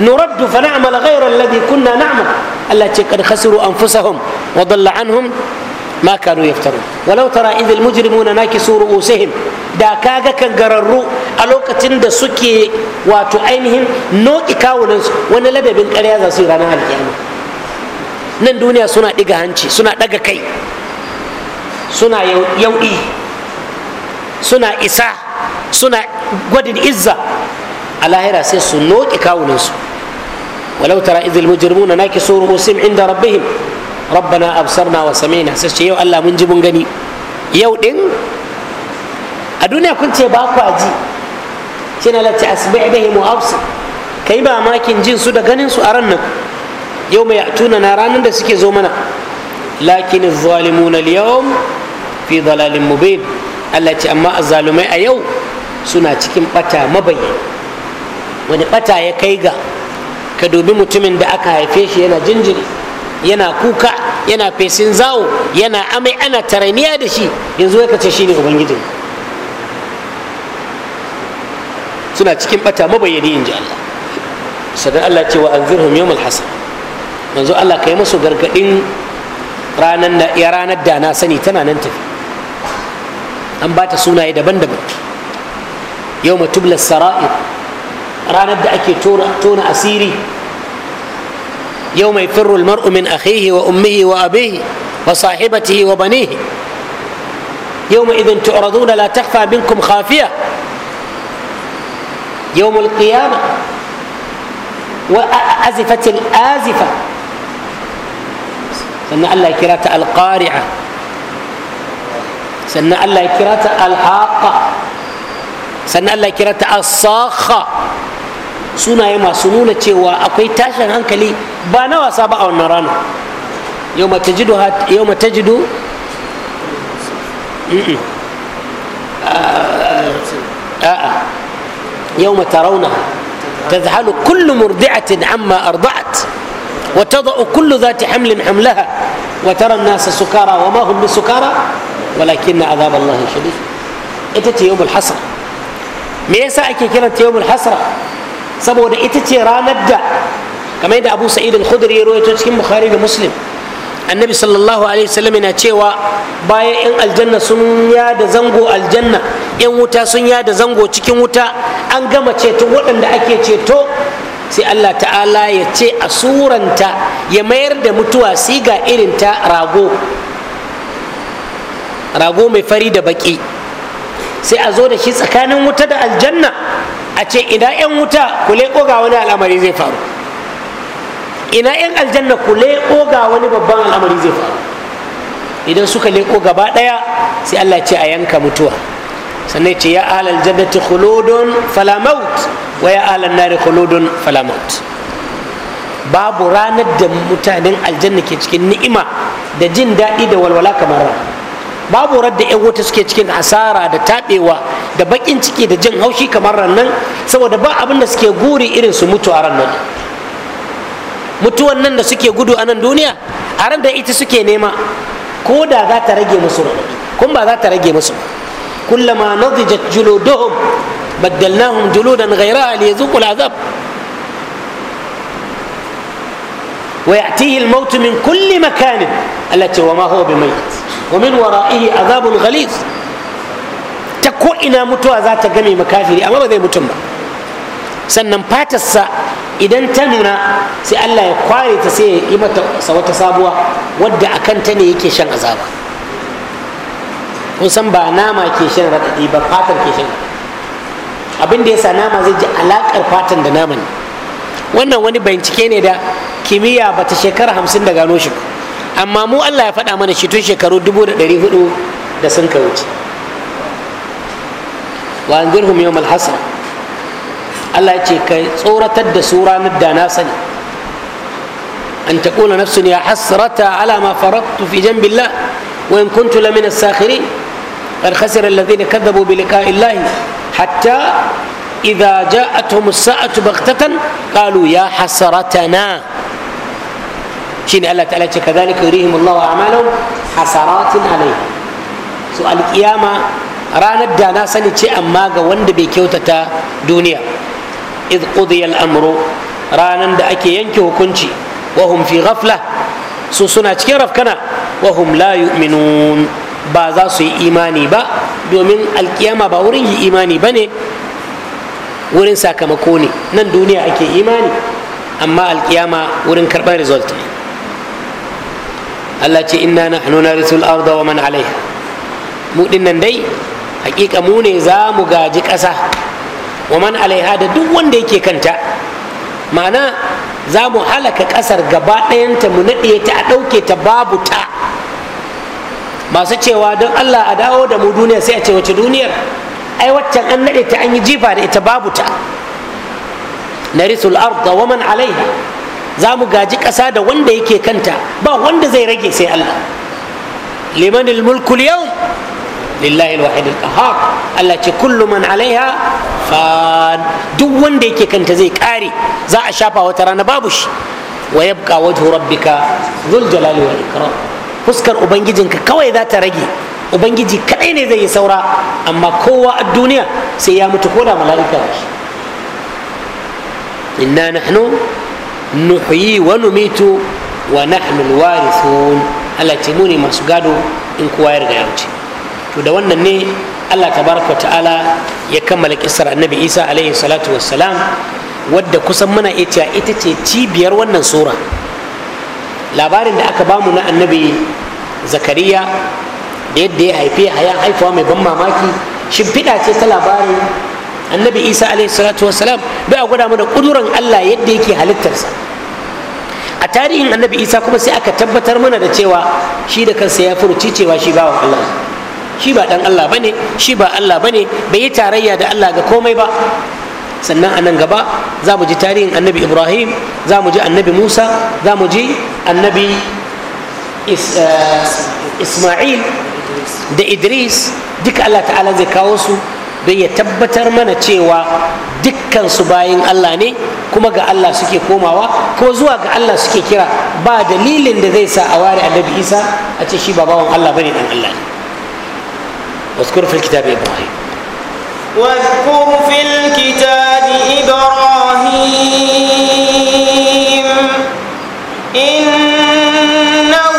نرد فنعمل غير الذي كنا نعمل التي قد خسروا انفسهم وضل عنهم ma kanu yaftarun walau tara idil mujrimuna nakisu da kaga kangararru a lokacin da suke wato ainihin noki kawunansu wani ladabin ƙarya za su yi ranar alƙiyama nan duniya suna ɗiga hanci suna ɗaga kai suna yauɗi suna isa suna gwadin izza a lahira sai su noki kawunansu walau tara idil mujrimuna nakisu ru'usihim inda rabbihim rabbana absarna wa sami'na sai ce yau Allah mun ji mun gani yau din a duniya kun ce ba ku ji kina lati asbi' bihim wa absar kai ba makin jin su da ganin su a ran nan yau mai tuna na ranar da suke zo mana lakin zalimuna al-yawm fi dalalin mubin Allah ce amma azzalumai a yau suna cikin bata mabayi wani bata ya kai ga ka dubi mutumin da aka haife shi yana jinjiri yana kuka yana fesin zawo yana amai ana taraniya da shi yanzu ya kace shine ubangijin suna cikin bata mabayyani inji Allah sadar Allah ce wa anzirhum yawmal hasab yanzu Allah kai musu gargadin ranar da ya ranar da na sani tana nan tafi an bata sunaye daban-daban yawma tubla sara'ir ranar da ake tona asiri يوم يفر المرء من اخيه وامه وابيه وصاحبته وبنيه يومئذ تعرضون لا تخفى منكم خافيه يوم القيامه وازفت الازفه سنة الله كرات القارعه سنة الله كرات الحاقه سنة الله كرات الصاخه sunaye masu nuna cewa akwai tashin hankali ba na wasa ba a wannan rana yau mata jido yau mata rauna ta zahalu kullum murdi'atin amma arda'at وتضع كل ذات حمل حملها وترى الناس سكارى وما هم بسكارى ولكن عذاب الله شديد ita ce yawmul hasra me yasa ake kiranta yawmul hasra saboda ita ce ranar da kamar yadda abu sa'id khudri ya ta cikin bukhari da muslim annabi sallallahu alaihi wasallam yana cewa bayan yan aljanna sun yada zango aljanna yan wuta sun yada zango cikin wuta an gama ceto waɗanda ake ceto sai allah ta'ala ya ce a suranta ya mayar da mutuwa siga irin ta rago rago mai fari da baki sai a zo da shi tsakanin wuta da aljanna a ce ina 'yan wuta ku leƙo ga wani al'amari zai faru ina 'yan aljanna ku leƙo ga wani babban al'amari zai faru idan suka leƙo gaba ɗaya sai allah ce a yanka mutuwa sannan ya ce ya alal jannati khuludun fala maut wa ya alal nari khuludun fala maut babu ranar da mutanen aljanna ke cikin ni'ima da jin daɗi da walwala kamar ran babu radda yan wuta suke cikin asara da taɓewa da baƙin ciki da jin haushi kamar nan, saboda ba abin da suke guri irin su mutu a nan. mutuwan nan da suke gudu a nan duniya a ran da ita suke nema ko da za ta rage musu kun ba za ta rage musu kullama nadijat juluduhum baddalnahum juludan ghayraha liyazuqu al'azab ويأتيه الموت من كل مكان التي وما هو بميت wa min wara'ihi azabun ghalis ta ko'ina mutuwa za ta game makafiri amma ba zai mutum ba sannan fatarsa idan ta nuna sai Allah ya kware ta sai ya yi mata wata sabuwa wadda a kanta ne yake shan azaba kun san ba nama ke shan raɗaɗi ba fatar ke shan abin da yasa nama zai ji alaƙar fatan da naman wannan wani bincike ne da kimiyya bata shekara hamsin da gano shi ba amma mu allah ya faɗa mana shi tun shekaru 1400 da sun ka wuce wa an yawm yau malhasar allah ce kai tsoratar da su ranar da na sani an ta kula nafsun ya hasrata ala ma faraktu fi janbi Allah wa in kuntu la min as sakhirin qad khasira alladhina kadhabu bi liqa'i Allah hatta idha ja'atuhum as-sa'atu baghtatan qalu ya hasratana shine Allah ta'ala ce kadhalika yurihim Allah a'malahum hasaratin alayhi so ranar da na sani ce amma ga wanda bai kyautata duniya iz qudiya al-amru ranan da ake yanke hukunci wa hum fi ghafla su suna cikin rafkana wa hum la yu'minun ba za su yi imani ba domin alkiyama ba wurin yi imani ba ne wurin sakamako ne nan duniya ake imani amma alkiyama wurin karɓar result ne Allah ce inna nahnu narisul arda wa man alaiha mu dinnan dai hakika mu ne za mu gaji ƙasa wa man alaiha da duk wanda yake kanta ma'ana za mu halaka ƙasar gaba ɗayanta mu naɗe ta a ɗauke ta babu ta masu cewa don Allah a dawo da mu duniya sai a ce wace duniyar ai waccan an naɗe ta an yi jifa da ita babu ta narisul arda wa man alaiha za mu gaji ƙasa da wanda yake kanta ba wanda zai rage sai Allah liman mulkul yau lillahi alwahid alqahar Allah ce kullu man alaiha fa duk wanda yake kanta zai ƙare za a shafa wata rana babu shi wa yabqa wajhu rabbika dhul jalali wal ikram fuskar ubangijinka kawai za ta rage ubangiji kadai ne zai yi saura amma kowa a duniya sai ya mutu ko da mala'ika ba shi inna nahnu nuhyi wa numitu wa nahnu alwarithun Allah ce masu gado in kowa ya riga ya wuce to da wannan ne Allah tabaraka ta'ala ya kammala kisar annabi Isa alaihi salatu wassalam wadda kusan muna iya ita ce cibiyar wannan sura labarin da aka bamu na annabi zakariya da yadda ya haife haya haifawa mai ban mamaki shimfiɗa ce ta labarin annabi isa alaihi salatu wassalam bai a gwada mana kuduran allah yadda yake halittarsa a tarihin annabi isa kuma sai aka tabbatar mana da cewa shi da kansa ya furuci cewa shi bawan allah shi ba dan allah bane shi ba allah bane bai yi tarayya da allah ga komai ba sannan a nan gaba za mu ji tarihin annabi ibrahim za mu ji annabi musa za mu ji annabi eh, isma'il da idris duka allah ta'ala zai kawo su don ya tabbatar mana cewa dukkansu bayan Allah ne kuma ga Allah suke komawa ko zuwa ga Allah suke kira ba dalilin da zai sa a ware annabi Isa a ce shi ba bawan Allah bane dan Allah ne واذكر في الكتاب إبراهيم واذكر في الكتاب إبراهيم إنه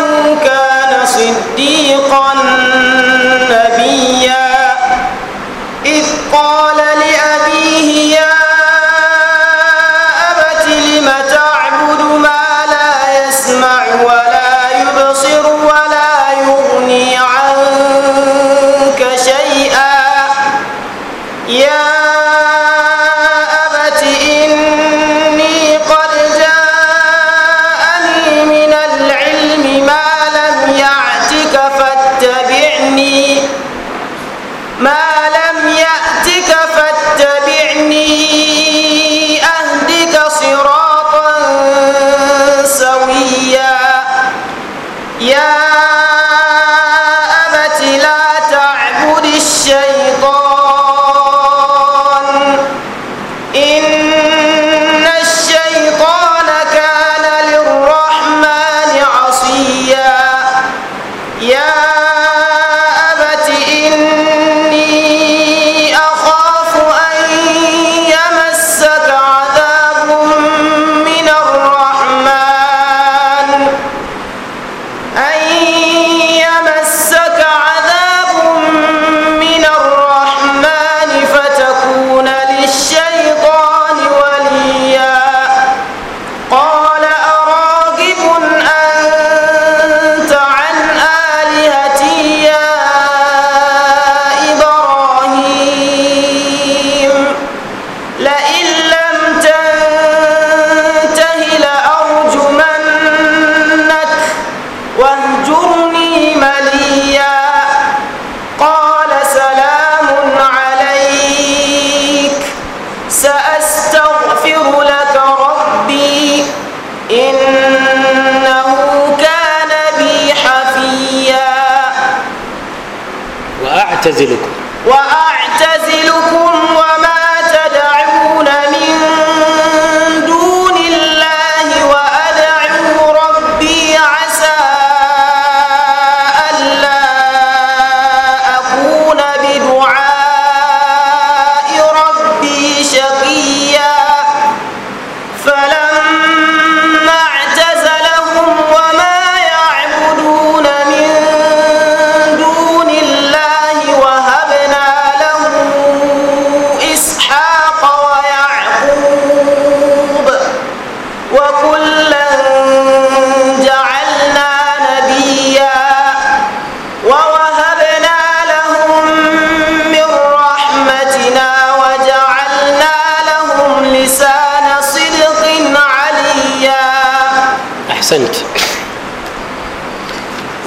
Se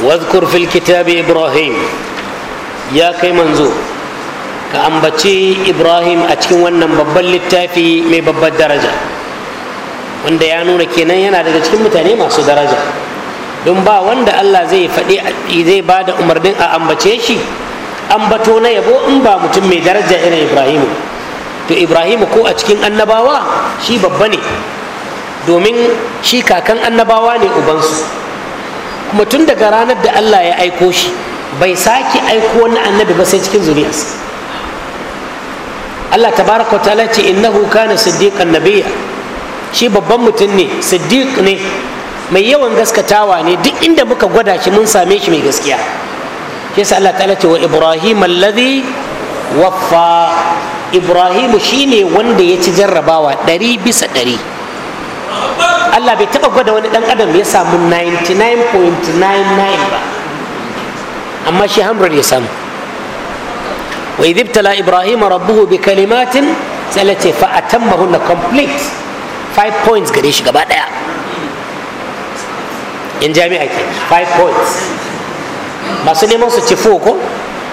wadhkur fil kitabi ibrahim ya kai manzo ka ambaci ibrahim a cikin wannan babban littafi mai babbar daraja wanda ya nuna kenan yana daga cikin mutane masu daraja don ba wanda allah zai faɗi zai ba da umarnin a ambace shi ambato na yabo in ba mutum mai daraja irin ibrahim to ibrahim ko a cikin annabawa shi babba ne domin shi kakan annabawa ne ubansu kuma tun daga ranar da Allah ya aiko shi bai sake aiko wani annabi ba sai cikin zuriyarsa Allah tabaraka wa ta'ala ce innahu kana siddiqan nabiyya shi babban mutum ne siddiq ne mai yawan gaskatawa ne duk inda muka gwada shi mun same shi mai gaskiya shi yasa Allah ta'ala ce wa ibrahim alladhi waffa ibrahim shine wanda ya ci jarrabawa ɗari bisa ɗari Allah bai taɓa gwada wani ɗan adam ya samu 99.99 ba amma shi 100 ya samu wa idibtala ibrahim rabbuhu bi kalimatin sai ce fa atammahunna complete five points gare shi gaba ɗaya in jami'a ke five points masu neman su ce 4 ko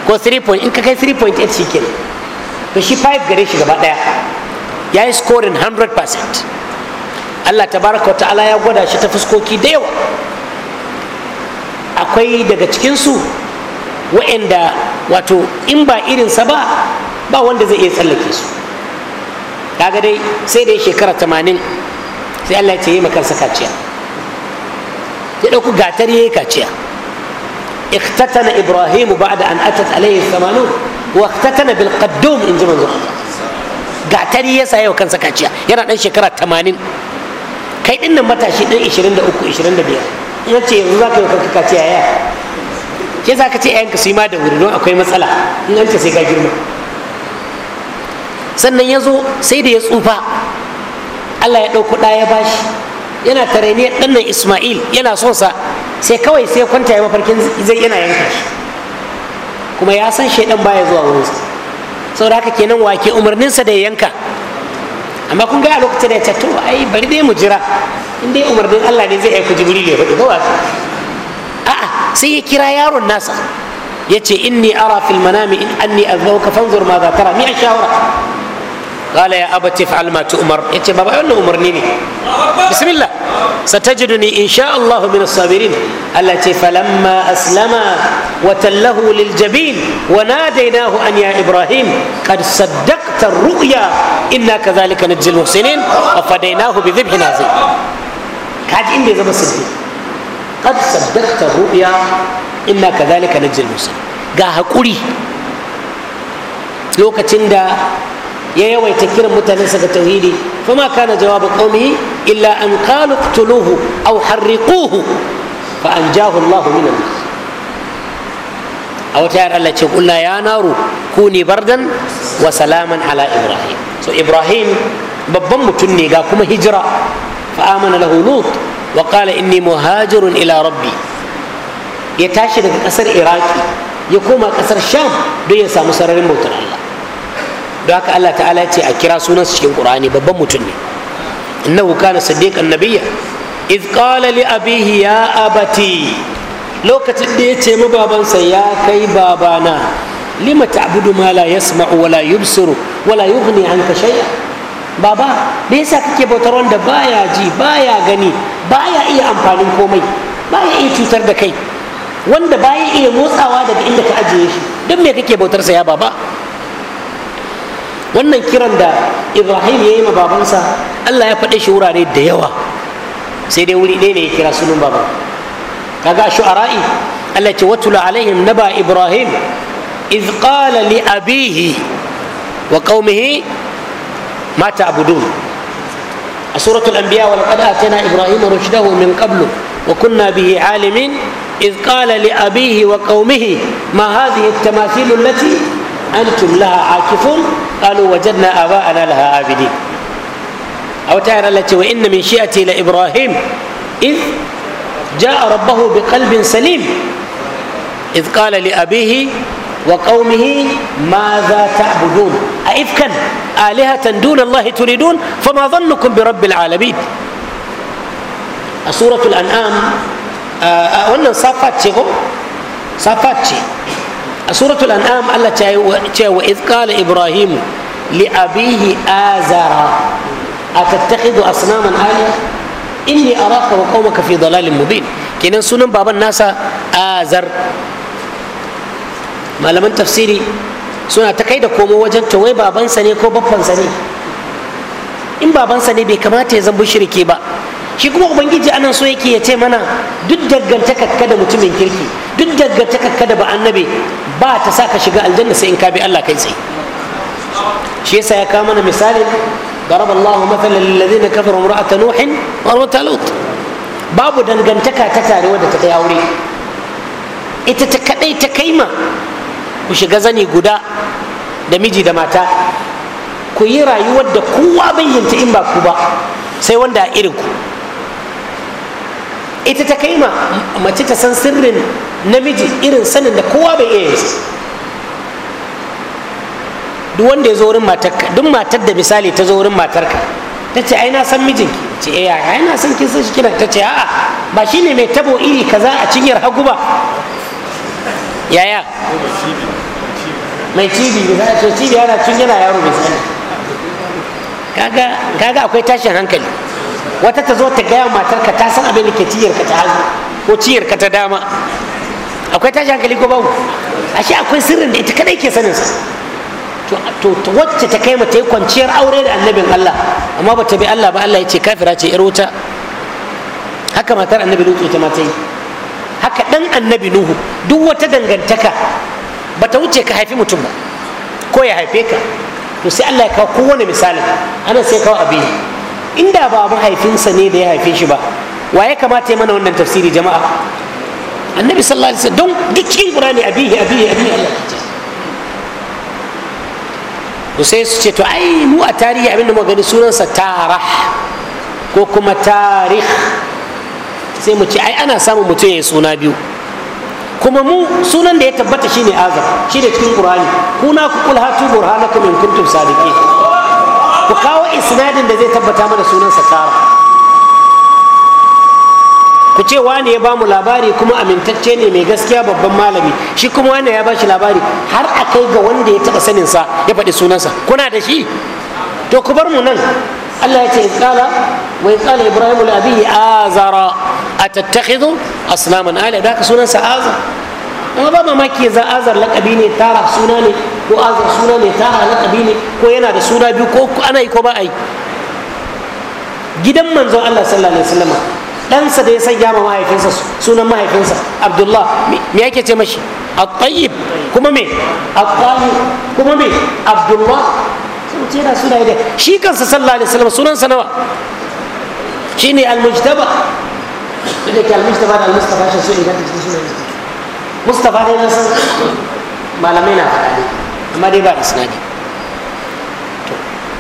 ko three point in ka kai three point eight shi kenan to shi five gare shi gaba ɗaya ya yi scoring hundred percent. allah tabaraka wa ta'ala ya gwada shi ta fuskoki da yawa akwai daga cikinsu wa'anda wato in ba irinsa ba ba wanda zai iya tsallake su kaga dai sai dai shekara tamanin sai allah ya ce yi makarsa kaciya ya ɗauku gatar ya yi kaciya اختتن إبراهيم بعد أن أتت عليه الثمانون واختتن بالقدوم إن زمن زمن قاعد تري يسا يو كان سكاتشيا يرى أن شكرا تمانين kai din nan matashi ɗin ishirin da uku ishirin da biyar ya ce yanzu za ka yi kanka ce yaya ke za ka ce ka su yi ma da wuri don akwai matsala in an ce sai ka girma sannan ya zo sai da ya tsufa allah ya ɗauko ɗaya ya bashi yana tare ne ɗan nan ismail yana son sa sai kawai sai kwanta ya mafarkin zai yana yanka shi kuma ya san shaidan baya zuwa wurinsa saboda haka kenan wake umarninsa da ya yanka amma kun ga a lokacin da ya ce to ai bari dai mu jira in dai umarnin Allah ne zai aiko jibril ya faɗi ba a'a sai ya kira yaron nasa ya ce inni ara fil manami in anni azbauka fanzur ma za tara mi ashawara qala ya abati fa'al ma tu'mar ya ce baba wannan umarni ne bismillah satajiduni insha Allah min sabirin Allah ce aslama wa tallahu lil jabin ya ibrahim qad saddaqta ru'ya inna kadhalika ya zama sirri qad saddaqta lokacin da ya yawaita kiran mutanensa ga tauhidi fama kana jawabu qaumihi illa an qalu qtuluhu aw harriquhu fa anjahu Allahu min an a wata Allah ce kullu ya naru kuni bardan wa salaman ala ibrahim so ibrahim babban mutum ne ga kuma hijira fa amana lahu lut wa qala inni muhajirun ila rabbi ya tashi daga kasar iraki ya koma kasar sham don ya samu sararin bautar Allah don haka Allah ta'ala ce a kira sunansa cikin Qur'ani babban mutum ne innahu kana siddiqan nabiyya iz qala li abihi ya abati lokacin da ya ce ma babansa ya kai babana lima ta'budu ma la yasma'u wa la yubsiru wa la yughni anka shay'a baba me yasa kake bautar wanda baya ji baya gani baya iya amfanin komai baya iya cutar da kai wanda baya iya motsawa daga inda ka ajiye shi don me kake bautar sa ya baba wannan kiran da ibrahim ya yi ma babansa allah ya faɗe shi wurare da yawa sai dai wuri ɗaya ne ya kira sunan baban kaga shu'ara'i allah ce watula alaihim naba ibrahim iz qala li abihi wa qaumihi ma ta'budun a suratul anbiya wa laqad atana ibrahim rushdahu min qablu wa kunna bihi alimin إذ قال لأبيه وقومه ما هذه التماثيل التي أنتم لها عاكفون قالوا وجدنا آباءنا لها عابدين أو تعالى التي وإن من شيئتي لإبراهيم إذ جاء ربه بقلب سليم إذ قال لأبيه وقومه ماذا تعبدون أئفكا آلهة دون الله تريدون فما ظنكم برب العالمين سورة الأنعام أولا آه آه a suratul an'am Allah ta yi cewa iz qala ibrahim li abihi azara atattakhidhu asnaman ali inni araka wa qaumaka fi dalalin mubin kenan sunan baban nasa azar malaman tafsiri suna ta kai da komo wajen to wai babansa ne ko baffansa ne in babansa ne bai kamata ya zama shirke ba shi kuma ubangiji anan so yake ya ce mana duk dangantakar kada mutumin kirki duk dangantakar kada ba annabi ba ta sa ka shiga aljanna sai in ka bi Allah kai tsaye shi yasa ya kawo mana misalin ضرب الله مثلا للذين كفروا babu dangantaka ta tare wadda ta kai aure ita ta kadai ta kaima ku shiga zani guda da miji da mata ku yi rayuwar da kowa bayyanta in ba ku ba sai wanda a irin ku ita ta kaima mace ta san sirrin namiji irin sanin da kowa bai iya yanzu duk wanda ya zo wurin matarka duk matar da misali ta zo wurin matarka ta ce ai na san mijinki ce eh ai na san kin san shi kina ta ce a'a ba shine mai tabo iri kaza a cinyar hagu ba yaya mai cibi da za a ce cibi yana cin yana yaro bai sani kaga kaga akwai tashin hankali wata ta zo ta gaya matarka ta san abin da ke ciyar ka ta hagu ko ciyar ka ta dama akwai tashi hankali ko babu ashe akwai sirrin da ita kadai ke sanin sa to wacce ta kai mata yi kwanciyar aure da annabin Allah amma ba ta bi Allah ba Allah ya ce kafira ce yar wuta haka matar annabi nuhu ita ma ta yi haka dan annabi Nuhu duk wata dangantaka ba ta wuce ka haifi mutum ba ko ya haife ka to sai Allah ya kawo kowane misali ana sai kawo abin inda ba mahaifinsa ne da ya haife shi ba wa ya kamata ya mana wannan tafsiri jama'a annabi sallallahu alaihi wasallam don duk cikin qur'ani abihi abihi abihi Allah to sai su ce to ai mu a tarihi abinda mu gani sunansa tarah ko kuma tarih sai mu ce ai ana samun mutum ya suna biyu kuma mu sunan da ya tabbata shine azam shine cikin qur'ani kuna ku kul hatu burhanakum in kuntum sadiqin ku kawo isnadin da zai tabbata mana sunansa tarah ku ce wane ya bamu labari kuma amintacce ne mai gaskiya babban malami shi kuma wane ya bashi labari har a kai ga wanda ya taɓa sanin sa ya faɗi sunansa kuna da shi to ku bar mu nan Allah ya ce in qala wa qala ibrahim li abihi azara atattakhidhu asnaman ala da ka sunansa azar amma ba mamaki za azar lakabi ne tara suna ne ko azar suna ne tara lakabi ne ko yana da suna biyu ko ana yi ko ba a yi gidan manzon Allah sallallahu alaihi wasallam ɗansa da ya sanya ma mahaifinsa sunan mahaifinsa abdullah me yake ce mashi at-tayyib kuma me at-tayyib kuma me abdullah sun ce da suna da shi kansa sallallahu alaihi wasallam sunan sa nawa shine al-mujtaba da ke al-mujtaba da al-mustafa shi su inganta cikin sunan mustafa ne na san malamai na faɗa ne amma dai ba isnadi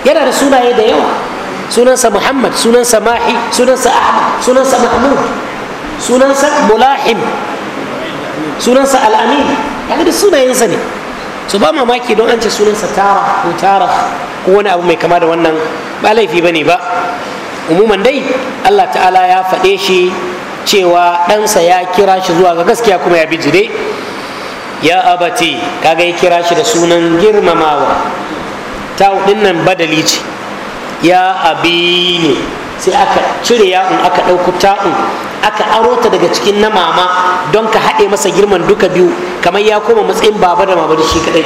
yana da sunaye da yawa sunansa muhammad sunansa mahi sunansa ahmad sunansa mahmud sunansa mulahim sunansa al'amin kaga duk sunayensa ne su ba mamaki don an ce sunansa tara ko tara ko wani abu mai kama da wannan ba laifi ba ne ba umuman dai allah ta'ala ya faɗe shi cewa ɗansa ya kira shi zuwa ga gaskiya kuma ya bijire ya abati kaga ya kira shi da sunan girmamawa ta nan badali ce ya abini sai aka cire ya'un aka ɗauko ta'un aka aro ta daga cikin na mama don ka haɗe masa girman duka biyu kamar ya koma matsayin baba da mama da shi kaɗai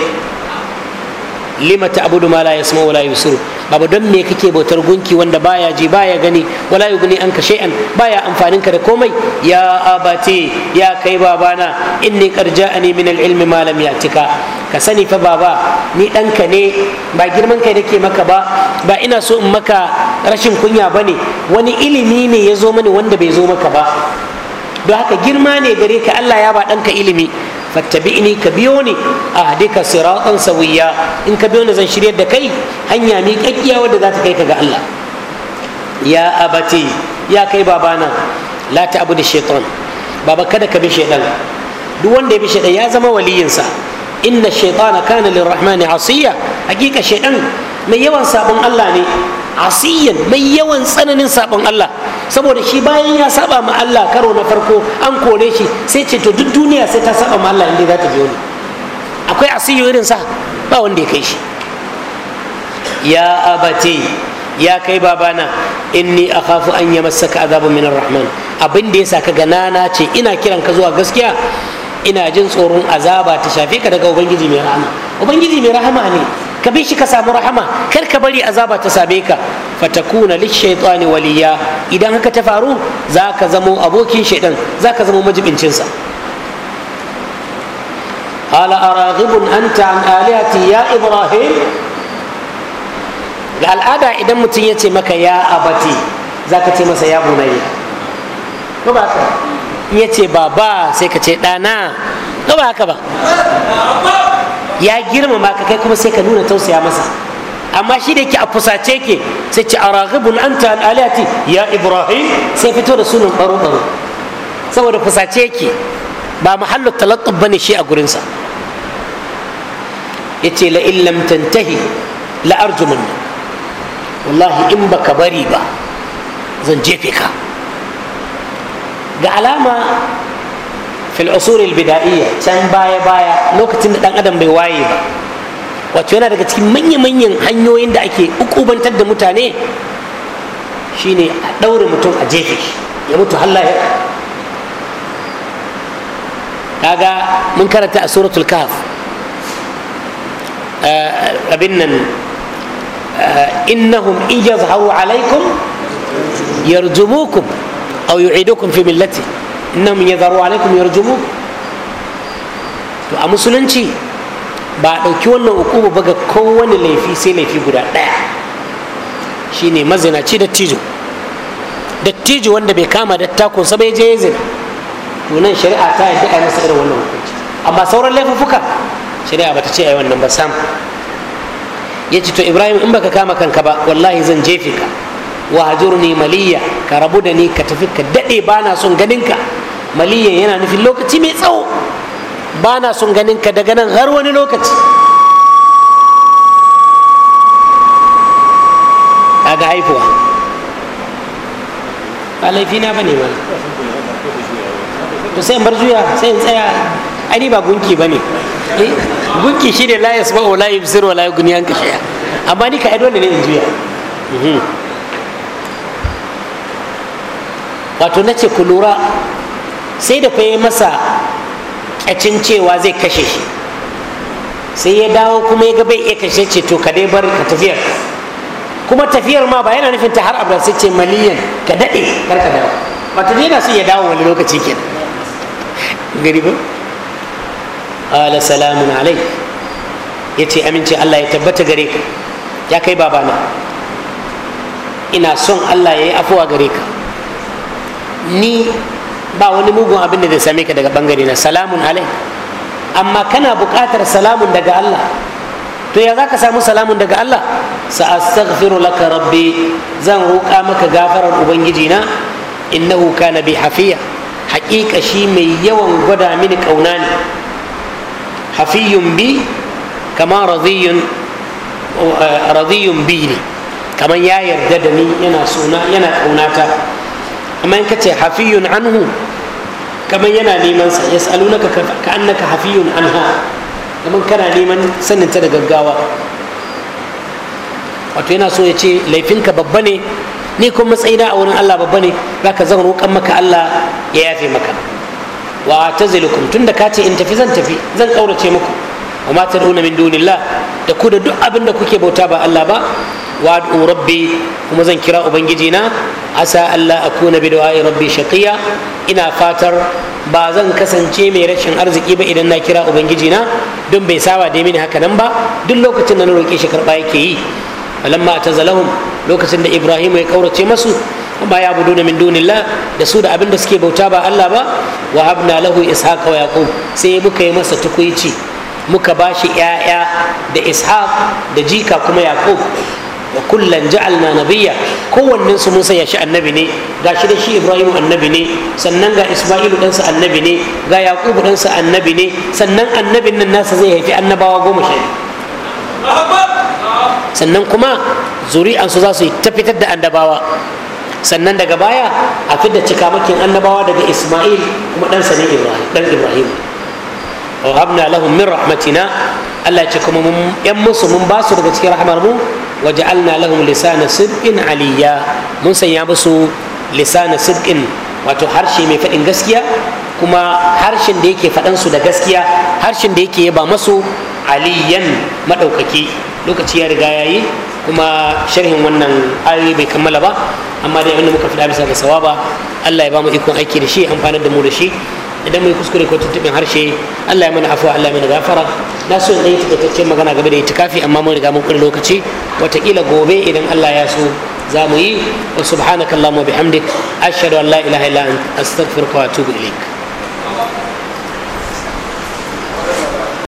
lima abudu ma la yasma wala la babu don me kake bautar gunki wanda baya ji baya gani wala an ka shay'an baya amfanin ka da komai ya abati ya kai babana inni qad ja'ani min al-ilmi ma lam ya'tika ka sani fa baba ni ɗanka ne ba girman kai nake maka ba ba ina so in maka rashin kunya bane wani ilimi ne ya zo mani wanda bai zo maka ba don haka girma ne gare ka Allah ya ba ɗanka ilimi fattabi'ni ka biyo ni ahdika siratan sawiya in ka biyo ni zan shiryar da kai hanya mi kakkiya wadda za ta kai ka ga Allah ya abati ya kai babana la da shaitan baba kada ka bi shaitan duk wanda ya bi shaitan ya zama waliyinsa inna shaitana kana lirrahmani asiya hakika shaitan mai yawan sabon Allah ne asiyan mai yawan tsananin sabon Allah saboda shi bayan ya saba ma Allah karo na farko an kore shi sai ce to duk duniya sai ta saba ma Allah inda za ta biyo akwai asiyu irin sa ba wanda ya kai shi ya abati ya kai babana inni akhafu an yamassaka azabun minar rahman abin da yasa ka ganana ce ina kiran ka zuwa gaskiya ina jin tsoron azaba ta shafe ka daga ubangiji mai rahama ubangiji mai rahama ne ka bi shi ka samu rahama kar ka bari azaba ta same ka fatakuna lishaitani waliya idan haka ta faru za ka zamo abokin shaidan za ka zamo majibincinsa قال أراغب أنت عن آلهتي ya Ibrahim? da al'ada idan mutum ya ce maka ya abati za ka ce masa ya bunayya ko ba haka in ya ce baba sai ka ce dana ko ba haka ba ya girmama ka kai kuma sai ka nuna tausaya masa amma shi da yake a fusace ke sai ce araghibun anta an alati ya ibrahim sai fito da sunan baro baro saboda fusace ke ba mahallu ba bane shi a gurinsa yace la in lam tantahi la arjuman wallahi in baka bari ba zan jefe ka ga alama fil usur al bida'iyya can baya baya lokacin da dan adam bai waye ba wato yana daga cikin manya manyan hanyoyin da ake ukubantar da mutane shine a daure mutum a jefe ya mutu halla kaga mun karanta a suratul kahf eh, abin nan eh, innahum in yazharu alaikum yarjumukum aw yu'idukum fi millati innahum yadharu alaikum yarjumu to a musulunci ba a ɗauki wannan hukuma ba ga kowane laifi sai laifi guda ɗaya shine mazinaci dattijo dattijo wanda bai kama dattakon sa bai je zina to nan shari'a ta yi a yi masa irin wannan hukunci amma sauran laifuka shari'a bata ce a yi wannan ba sam ya ce to ibrahim in baka kama kanka ba wallahi zan jefe ka wa hajurni maliyya ka rabu da ni ka tafi ka daɗe ba na son ganinka maliyan yana nufin lokaci mai tsawo ba na son ganin ka daga nan har wani lokaci ga haifuwa ba laifina ba ne ba to sai bar zuya sai in tsaya ai ba gunki ba ne eh, gunki shi ne la yasma wa la yubsir wa la guniyan ka shay'a amma ni ka dole ne in zuya. Mhm. wato na ce ku lura sai da fa yi masa kyacin cewa zai kashe shi sai ya dawo kuma ya gabai bai iya kashe ce to ka dai bar ka tafiyar kuma tafiyar ma ba yana nufin ta har abada sai ce maliyan ka daɗe kar ka dawo wato yana so ya dawo wani lokaci ke gari ba ala salamun alai ya ce amince allah ya tabbata gare ka ya kai babana ina son allah ya yi afuwa gare ka ni ba wani mugun abin da zai same ka daga bangare na salamun alai amma kana buƙatar salamun daga Allah to ya za ka samu salamun daga Allah sa astaghfiru laka rabbi zan roƙa maka gafarar ubangiji na innahu kana bi hafiya haƙiƙa shi mai yawan gwada mini ƙauna ne hafiyun bi kama radiyun eh, radiyun bi ne kamar ya yarda da ni yana suna yana ƙaunata amma in ka ce hafiyun anhu kamar yana neman sa ya yas'alunaka ka annaka hafiyun anha kamar kana neman sanin ta da gaggawa wato yana so ya ce laifinka babba ne ni kuma matsayina a wurin Allah babba ne ka zan roƙan maka Allah ya yafe maka wa tun tunda ka ce in tafi zan tafi zan ƙaurace muku wa ma tad'una min dunillah da ku da duk abin da kuke bauta ba Allah ba wadu rabbi kuma zan kira ubangijina asa allah a kuna bi du'a'i rabbi shaqiya ina fatar ba zan kasance mai rashin arziki ba idan na kira ubangiji na don bai saba da mini haka nan ba duk lokacin da na roƙe shi karɓa yake yi alam ma tazalahum lokacin da ibrahim ya kaurace masu amma ya budu min dunillah da su da abin da suke bauta ba allah ba wa habna lahu ishaq wa yaqub sai muka yi masa tukuici muka ba shi 'ya'ya da ishaq da jika kuma yaqub da kullum ja'alna nabiyya kowannen su mun sanya shi annabi ne ga shi da shi ibrahimu annabi ne sannan ga isma'ilu ɗansa annabi ne ga yaqubu ɗansa annabi ne sannan annabin nan nasa zai haifi annabawa goma sha sannan kuma zuri'ansu za su yi ta fitar da annabawa sannan daga baya a fidda cikamakin annabawa daga isma'il kuma ɗansa ne ɗan ibrahim wa habna lahum min rahmatina allah ya ce kuma mun yan musu mun ba su daga cikin rahmar mu waja'alna lahum lisana sidqin aliyya mun sanya musu lisana sidqin wato harshe mai faɗin gaskiya kuma harshen da yake faɗansu da gaskiya harshen da yake ba masu aliyan maɗaukaki lokaci ya riga yayi kuma sharhin wannan ayoyi bai kammala ba amma dai abinda muka fi bisa ga ba Allah ya ba mu ikon aiki da shi amfanar da mu da shi idan mai kuskure ko tuntuɓin harshe allah ya mana afuwa allah mana gafara na so in yi takaitaccen magana game da itikafi amma mun riga mun kuri lokaci watakila gobe idan allah ya so za mu yi wa subhanakallahumma bihamdik ashhadu an la ilaha illa anta astaghfiruka wa atubu ilaik